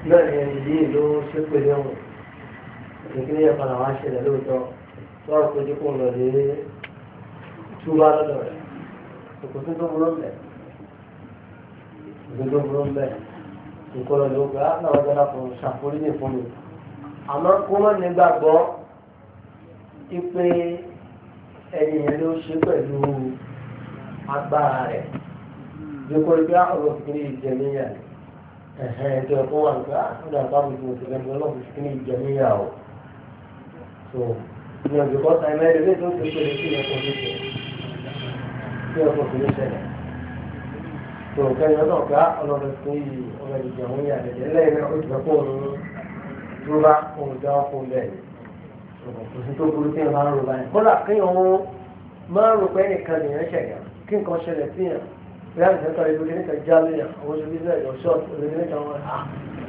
náà ni ẹni yìí ló ṣe pé lẹ́wọ̀n ìdíkílé yẹn padà wá ṣẹlẹ̀ lóòótọ́ wọ́n á kojú kó lọ lé túbá lọ́dọ̀ rẹ̀ kò sí tó burú mbẹ kò sí tó burú mbẹ nǹkan lọ́dọ̀ ó gbà ah, á náà wọ́n dáná fún ṣàforíjì fún mi àmọ́ kó má nígbàgbọ́ ipe ẹni yẹn ló ṣe pẹ̀lú agbára rẹ̀ bí kò rí bí àwọn òkìrí ìjẹniyà ẹ̀hẹ́ ẹjọ́ kó wà nípa ah, ọ̀dà báwo ni mo ti lẹ́nu ọlọ́run òkìrí ìjẹniyà o so ìyẹn òjò kọ́ta ẹ̀mẹ́rin lè tó ṣe pé lè fi ẹ̀kọ́ tó ṣe tí ọkùnrin ṣẹlẹ̀ tó kẹ́yìn ọ̀dọ̀ gá ọlọ́run fún yìí ọmọ ìdíje àwọn yìí àdẹ̀dẹ̀ lẹ́yìn náà ó jẹ́ kó òun rúbá òun já ọkùn bẹ́ẹ̀ kò sí tó burú kéèyàn máa ń rúbá yẹn kódà kéèyàn ó máa ń rò pé ẹnìkan lèèyàn ṣẹ̀yà kí nǹkan ṣẹlẹ̀ sí yàn bóyá nìkan kan ibi kíníkà já lóyàn àwọn oṣù bíi bẹ́ẹ̀ lọ́ṣọ́ ibi kíníkà wọn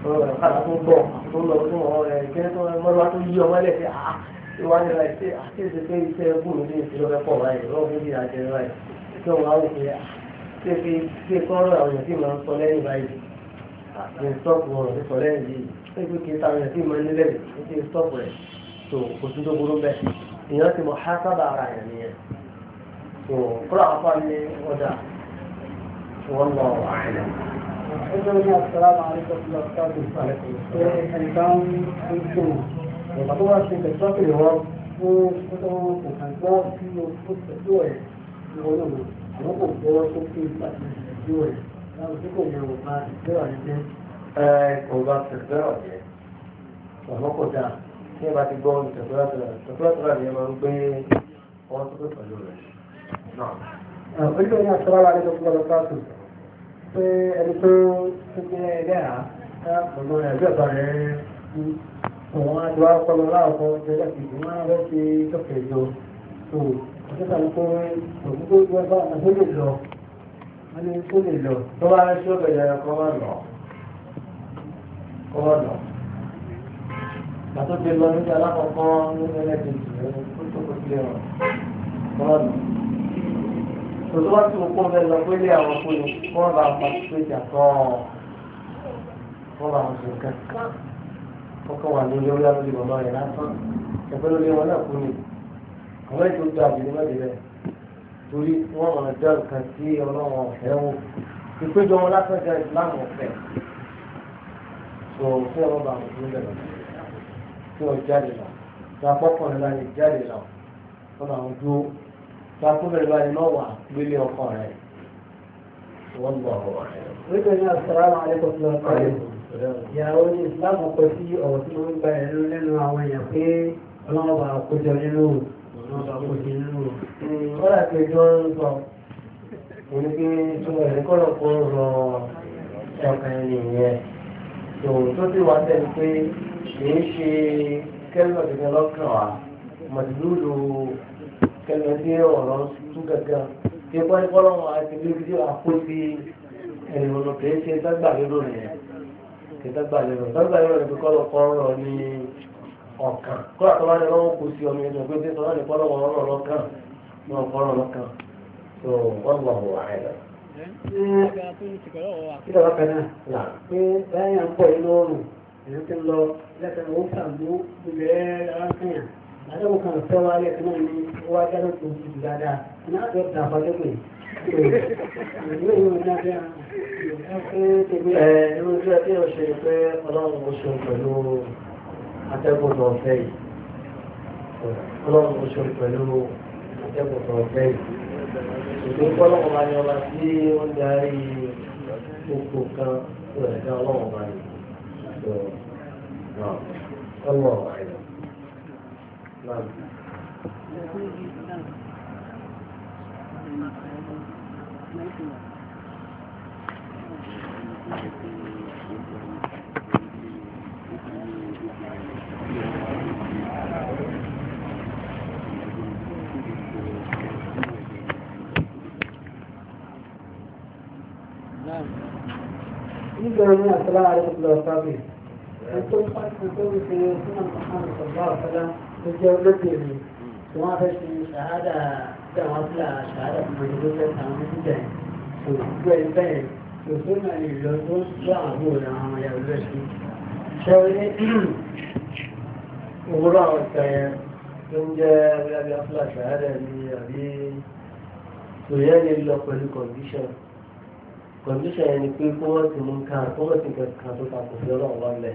ọ̀rọ̀ kàlà tó ń bọ̀ tó ń lọ fún ọ̀rẹ́ kíní tó ń mọ́lá tó yí ọmọ lẹ̀ sí ah, ìwádìí láì sí àti ah, ìṣèpé iṣẹ́ ẹkùn mi ní ìṣèlú ẹ̀kọ́ báyìí lọ́wọ́ bí i àjẹrẹ báyìí tó wà ó pé ṣé fi ṣé kọ́rọ̀ àwọn èèyàn sì máa ń sọ lẹ́yìn báyìí ní stọ́ọ̀pù wọn ti sọ lẹ́yìn yìí ṣé pé kí táwọn èèyàn sì máa nílẹ̀ ní ti stọ́ọ̀pù rẹ̀ tó kò sí tó burú bẹ́ẹ̀ èèyàn ti mọ̀ há sábà ara rẹ̀ nìyẹn tó kúrò àpá ní ọjà wọn lọ àìlẹ̀. Ẹgbẹ́ mi àti àwọn kò gbọ́ sókè ìpàdé ìjọ rẹ̀ láwọn tí kò mọ ọba ìgbéra rẹ̀ jẹ́. ẹ kò bá tẹ̀síọ́rọ̀ jẹ́ ọ̀nà kò dáa tí ẹ bá ti gbọ́ tẹ̀síọ́rọ̀ tẹ̀síọ́rọ̀ ni ẹ máa ń gbé ọwọ́ sókè pẹ̀lú rẹ̀ náà. oníṣòwò ní àṣọ lára nínú fúnra lọ́kọ́ àtò pé ẹni tó tó gbé ẹgbẹ́ à ọ̀nà ẹ̀jẹ̀ bá rẹ̀ òun á ti wá kọ́ lọ láàkọ́ ẹgbẹ́ kìí nípa ìpò òkú tó gbọ́ bá ọ̀nà lè lọ wọ́n ní tó lè lọ tó bá ṣó bẹ̀rẹ̀ kọ́ wọ́n lọ kọ́ wọ́n lọ. Bàtó lọ níbi alákọ̀ọ́kọ́ nínú ẹlẹ́gbẹ̀jì tó tó kó sílẹ̀ wọn kọ́ wọ́n lọ. Tòtò wá sí òkú ọ̀bẹ lọ pélé àwọn kó lè kọ́ bá a pa pé jà tán kọ́ bá a sùn kankan kọ́kọ́ wà lórí orí àlórí bàbá rẹ̀ lásán ẹ̀fẹ́ lórí wọn náà kú nìyí àwọn ètò ìjọ àbìlẹ̀ mẹ́rin rẹ̀ torí wọ́n máa jẹ́ nǹkan tí ọlọ́run ọ̀fẹ́ wò ìpéjọ wọn lásán jẹ́ ìsìlámù ọ̀fẹ́ tó fẹ́ wọn bá wọn fún bẹ̀rẹ̀ tí wọ́n jáde lọ tó akọ́kànlẹ̀ láyé jáde lọ tó bá wọn dúró tó akọ́bẹ̀rẹ̀ láyé náà wà gbélé ọkọ rẹ̀ wọ́n bọ̀ ọ̀rọ̀ rẹ̀. wípé ní asàlámù alẹ́kọ̀ọ́ tó lọ́kọ̀ rẹ̀ ìyàwó ní ìsìlámù ọkọ̀ sí ọ̀rọ̀ tí wọ́n ń gbà ẹ̀ lẹ́nu kọ́lá tí ẹjọ́ ń sọ mo ní pé túmọ̀ ẹ̀rí kọ́lọ̀ kó ń rọ ẹ̀ka ẹni yẹn tó tó ti wá sẹ́ni pé kì í ṣe kẹ́lọ̀ tẹ̀lé lọ́kàn wá mọ̀tìlúlù kẹ́lọ̀ tí ọ̀rọ̀ tú gẹ́gẹ́ tí ẹgbẹ́ ní kọ́lọ̀ wọn àti bí ojú àpótí ẹ̀rìn ọ̀nà kì í ṣe tágbà lérò nìyẹn kì í tágbà lérò tágbà lérò ní kọ́lọ̀ rọ ní ọ̀kan kó àtọ́wá ni wọ́n kó sí ọmọ ẹni ọgbẹ́ tó wọ́n ní kọ́ lọ́wọ́ ọ̀rọ̀ lọ́kàn ní ọ̀pọ̀ ọ̀rọ̀ lọ́kàn tó wọ́n gbọ́ àwọn ààrẹ lọ. Kílọ̀ bá kan náà pé báyà ń pọ̀ inú ọrùn èyí ti lọ lẹ́sẹ̀ ó sàmú ilẹ̀ arákùnrin àdáwò kan fẹ́ wá lẹ́sẹ̀ náà ní wá dáná tó ti dùn dáadáa náà tó dà fọlẹ́ pé ìwé ìwé ìwé náà fẹ́ ẹ ẹ irú iṣẹ́ tí o ṣe pé ọlọ́run ó ṣe pẹ̀lú atẹ́gùn tó ń fẹ́ yìí ọlọ́run kò ṣe pẹ̀lú atẹ́gùn tó ń fẹ́ yìí ìlú kọ́lọ́kọ̀ bá ní ọba tí ó ń darí gbogbo kan tó rẹ̀ dá ọlọ́run bá yìí tó náà ọlọ́run bá yìí náà. Thank you. جميع الصلاة على مثل الأصابع أنتم قد كنتم في سنة محمد صلى الله عليه وسلم بالجولة ديني وما فيش شهادة دعوة لا شهادة مجهولة تعمل جاي وين بين وسنة للوزن شعبون عام يولوشي شاولي وغراء الكيان يوم جاء بلا بأخلاق شهادة لي أبي ويالي الله كل كونديشن condition yẹn ni pé kó wọ́n ti mú nǹkan kó wọ́n ti nǹkan tó ta kò sí ọlọ́run wá mẹ́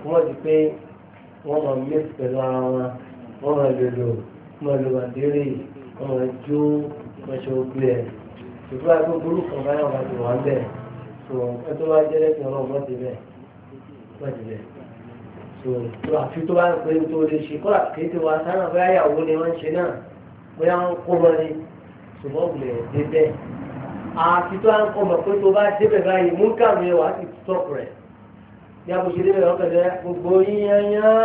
kó wọ́n ti pé wọ́n máa mix pẹ̀lú ara wọn wọ́n máa lòlò wọ́n máa lò àdéhùn wọ́n máa jó wọ́n ogun ẹ̀ ṣùgbọ́n àti burú kan báyà wà ti wà bẹ́ẹ̀ tó ẹ tó bá jẹ́ lẹ́sìn ọlọ́run wọ́n ti bẹ́ẹ̀ wọ́n ti bẹ́ẹ̀ tó àfi tó bá ń pè tó lè ṣe kọ́lá kéde wa sára bóyá ìyàwó ni wọ́n ń ṣe náà bóyá wọ́n kó wọn ni ṣùgbọ́n kò lè dé bẹ́ẹ̀ àti tó à ń kọ́ mọ̀ pé tó bá débẹ̀ báyìí mú kàwé wàá sì tọ́pù rẹ̀ ní àbòṣe débẹ̀ wọ́n pẹ̀lú gbogbo yíyanyan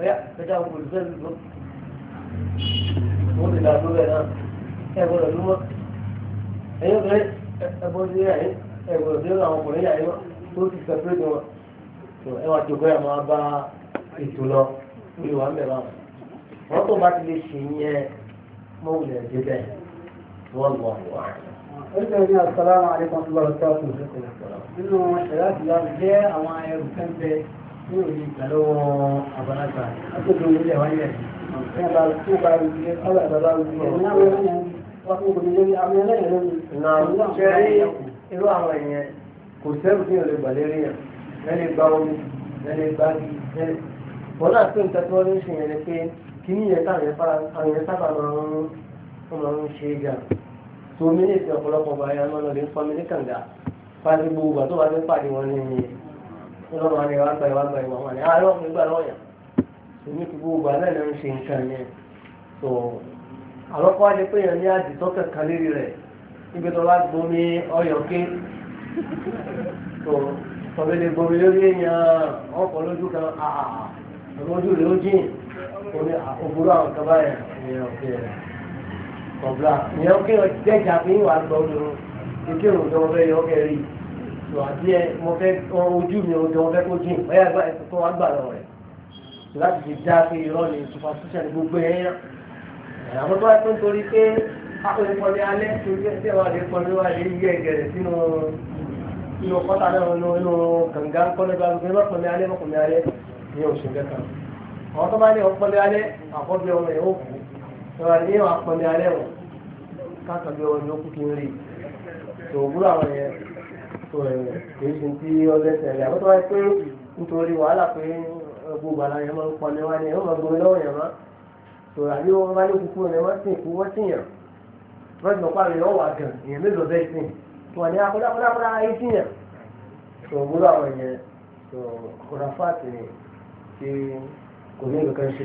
ọ̀yà pẹ̀lú àwọn olùfẹ́ lùlọ. wọ́n ti dàgbò bẹ̀ náà ẹ gbọ́dọ̀ ló mọ́ ẹ̀yin obìnrin ẹ̀bọ́n ti rí àyín ẹ gbọ́dọ̀ dé àwọn ọkùnrin àyín tó ti sẹ́pẹ́rẹ́ wọn ẹ wá jòkó ẹ̀ máa bá ètò lọ ní ìwà mẹ́wàá wọn tó bá ti lè ṣe yẹn mọ́wùlẹ̀ débẹ̀ والله أعلم Oríṣiríṣi àṣàlámà àríkan tó lọ́rọ̀ tó kù. Nínú ìrántí wa jẹ́ àwọn ẹrù kẹ́ńtẹ́ ní òní ìgbàlọ́wọ́ àbálàgbà. Àtòjọ ìwé wáyé ẹ̀sìn. Ní àbá tó bá rí ilé, ọ̀rọ̀ àbábá rí ilé. Ní àwọn ẹlẹ́yìn wọ́n fún òbí lórí àwọn ẹlẹ́yìn lórí. Nà ṣe rí irú àwọn èèyàn kò sẹ́rù ní òde gbàlérí yẹn. Ẹni gba omi, ẹni gba igi, ẹni. Wọ́n náà pé nǹkan tí wọ́n ní ṣe yẹn ni pé kí wọ́n máa ń ṣe é gan tó mínísì ọ̀pọ̀lọpọ̀ báyà máa lọ lè ń fọmi ní kànga fáti gbogbo ìgbà tó bá fẹ́ pàdé wọn ní ọlọ́run àni wàá gba wọn ni àárọ̀ mi gbà lọ́yà èmi ti gbogbo ìgbà náà ló ń ṣe nǹkan yẹn tó àlọ́kọ́ wá ní pé yẹn ní àdìtọ́ kankan lérí rẹ̀ níbi tó bá gbomi ọyọ̀ ké tó ọ̀bẹ̀lẹ̀ gbomi lórí èèyàn ọkọ̀ lójú kan àà lójú rẹ̀ ó jìn òbúrò àwọn kan báyà ìyẹn ọ̀kẹ́ rẹ̀ ọ̀bùrà ìyẹn kí wọ́n jẹ́jà pé wà á gbọ́ lóru ìké òun tó wọ́n fẹ́ yọ kẹrì tó àti ẹ mo fẹ́ ojú mi òun tó wọ́n fẹ́ kó jìn ọ̀yà àgbà ẹ̀ tó wọ́n gbà lọ rẹ̀ láti fi dá pé irọ́ ni superstition ni gbogbo ẹ̀ yẹn àwọn tó wá tó ń torí pé akọni kọ́ni alẹ́ tó yẹ kí wọ́n lè kọ́ni wá lè yẹ gẹ̀rẹ̀ sínú inú kọ́tà náà nínú kànga kọ́ni bá ìwà ní ìwà pọnmi alẹ́ wọn káàkiri bí ọmọ yòókù kí n rí tó òwúrọ̀ àwọn yẹn tó ẹ̀ kìí ṣe ti ọlẹ́sẹ̀ rẹ̀ àbúrò wáyé pé nítorí wàhálà pé gbogbo àlà yẹn máa ń pọnmi wá ní ẹ̀ wọ́n máa gbomi lọ́wọ́ yẹn má tó àbí wọn bá ní kúkú rẹ̀ wọ́n sì kú wọ́n sì yàn wọ́n ti mọ̀ yẹn wà gàn èèyàn mélòó bẹ́ẹ̀ sìn tó wà ní akọ́dákọ́dá ni ti kò ní nǹkan ṣe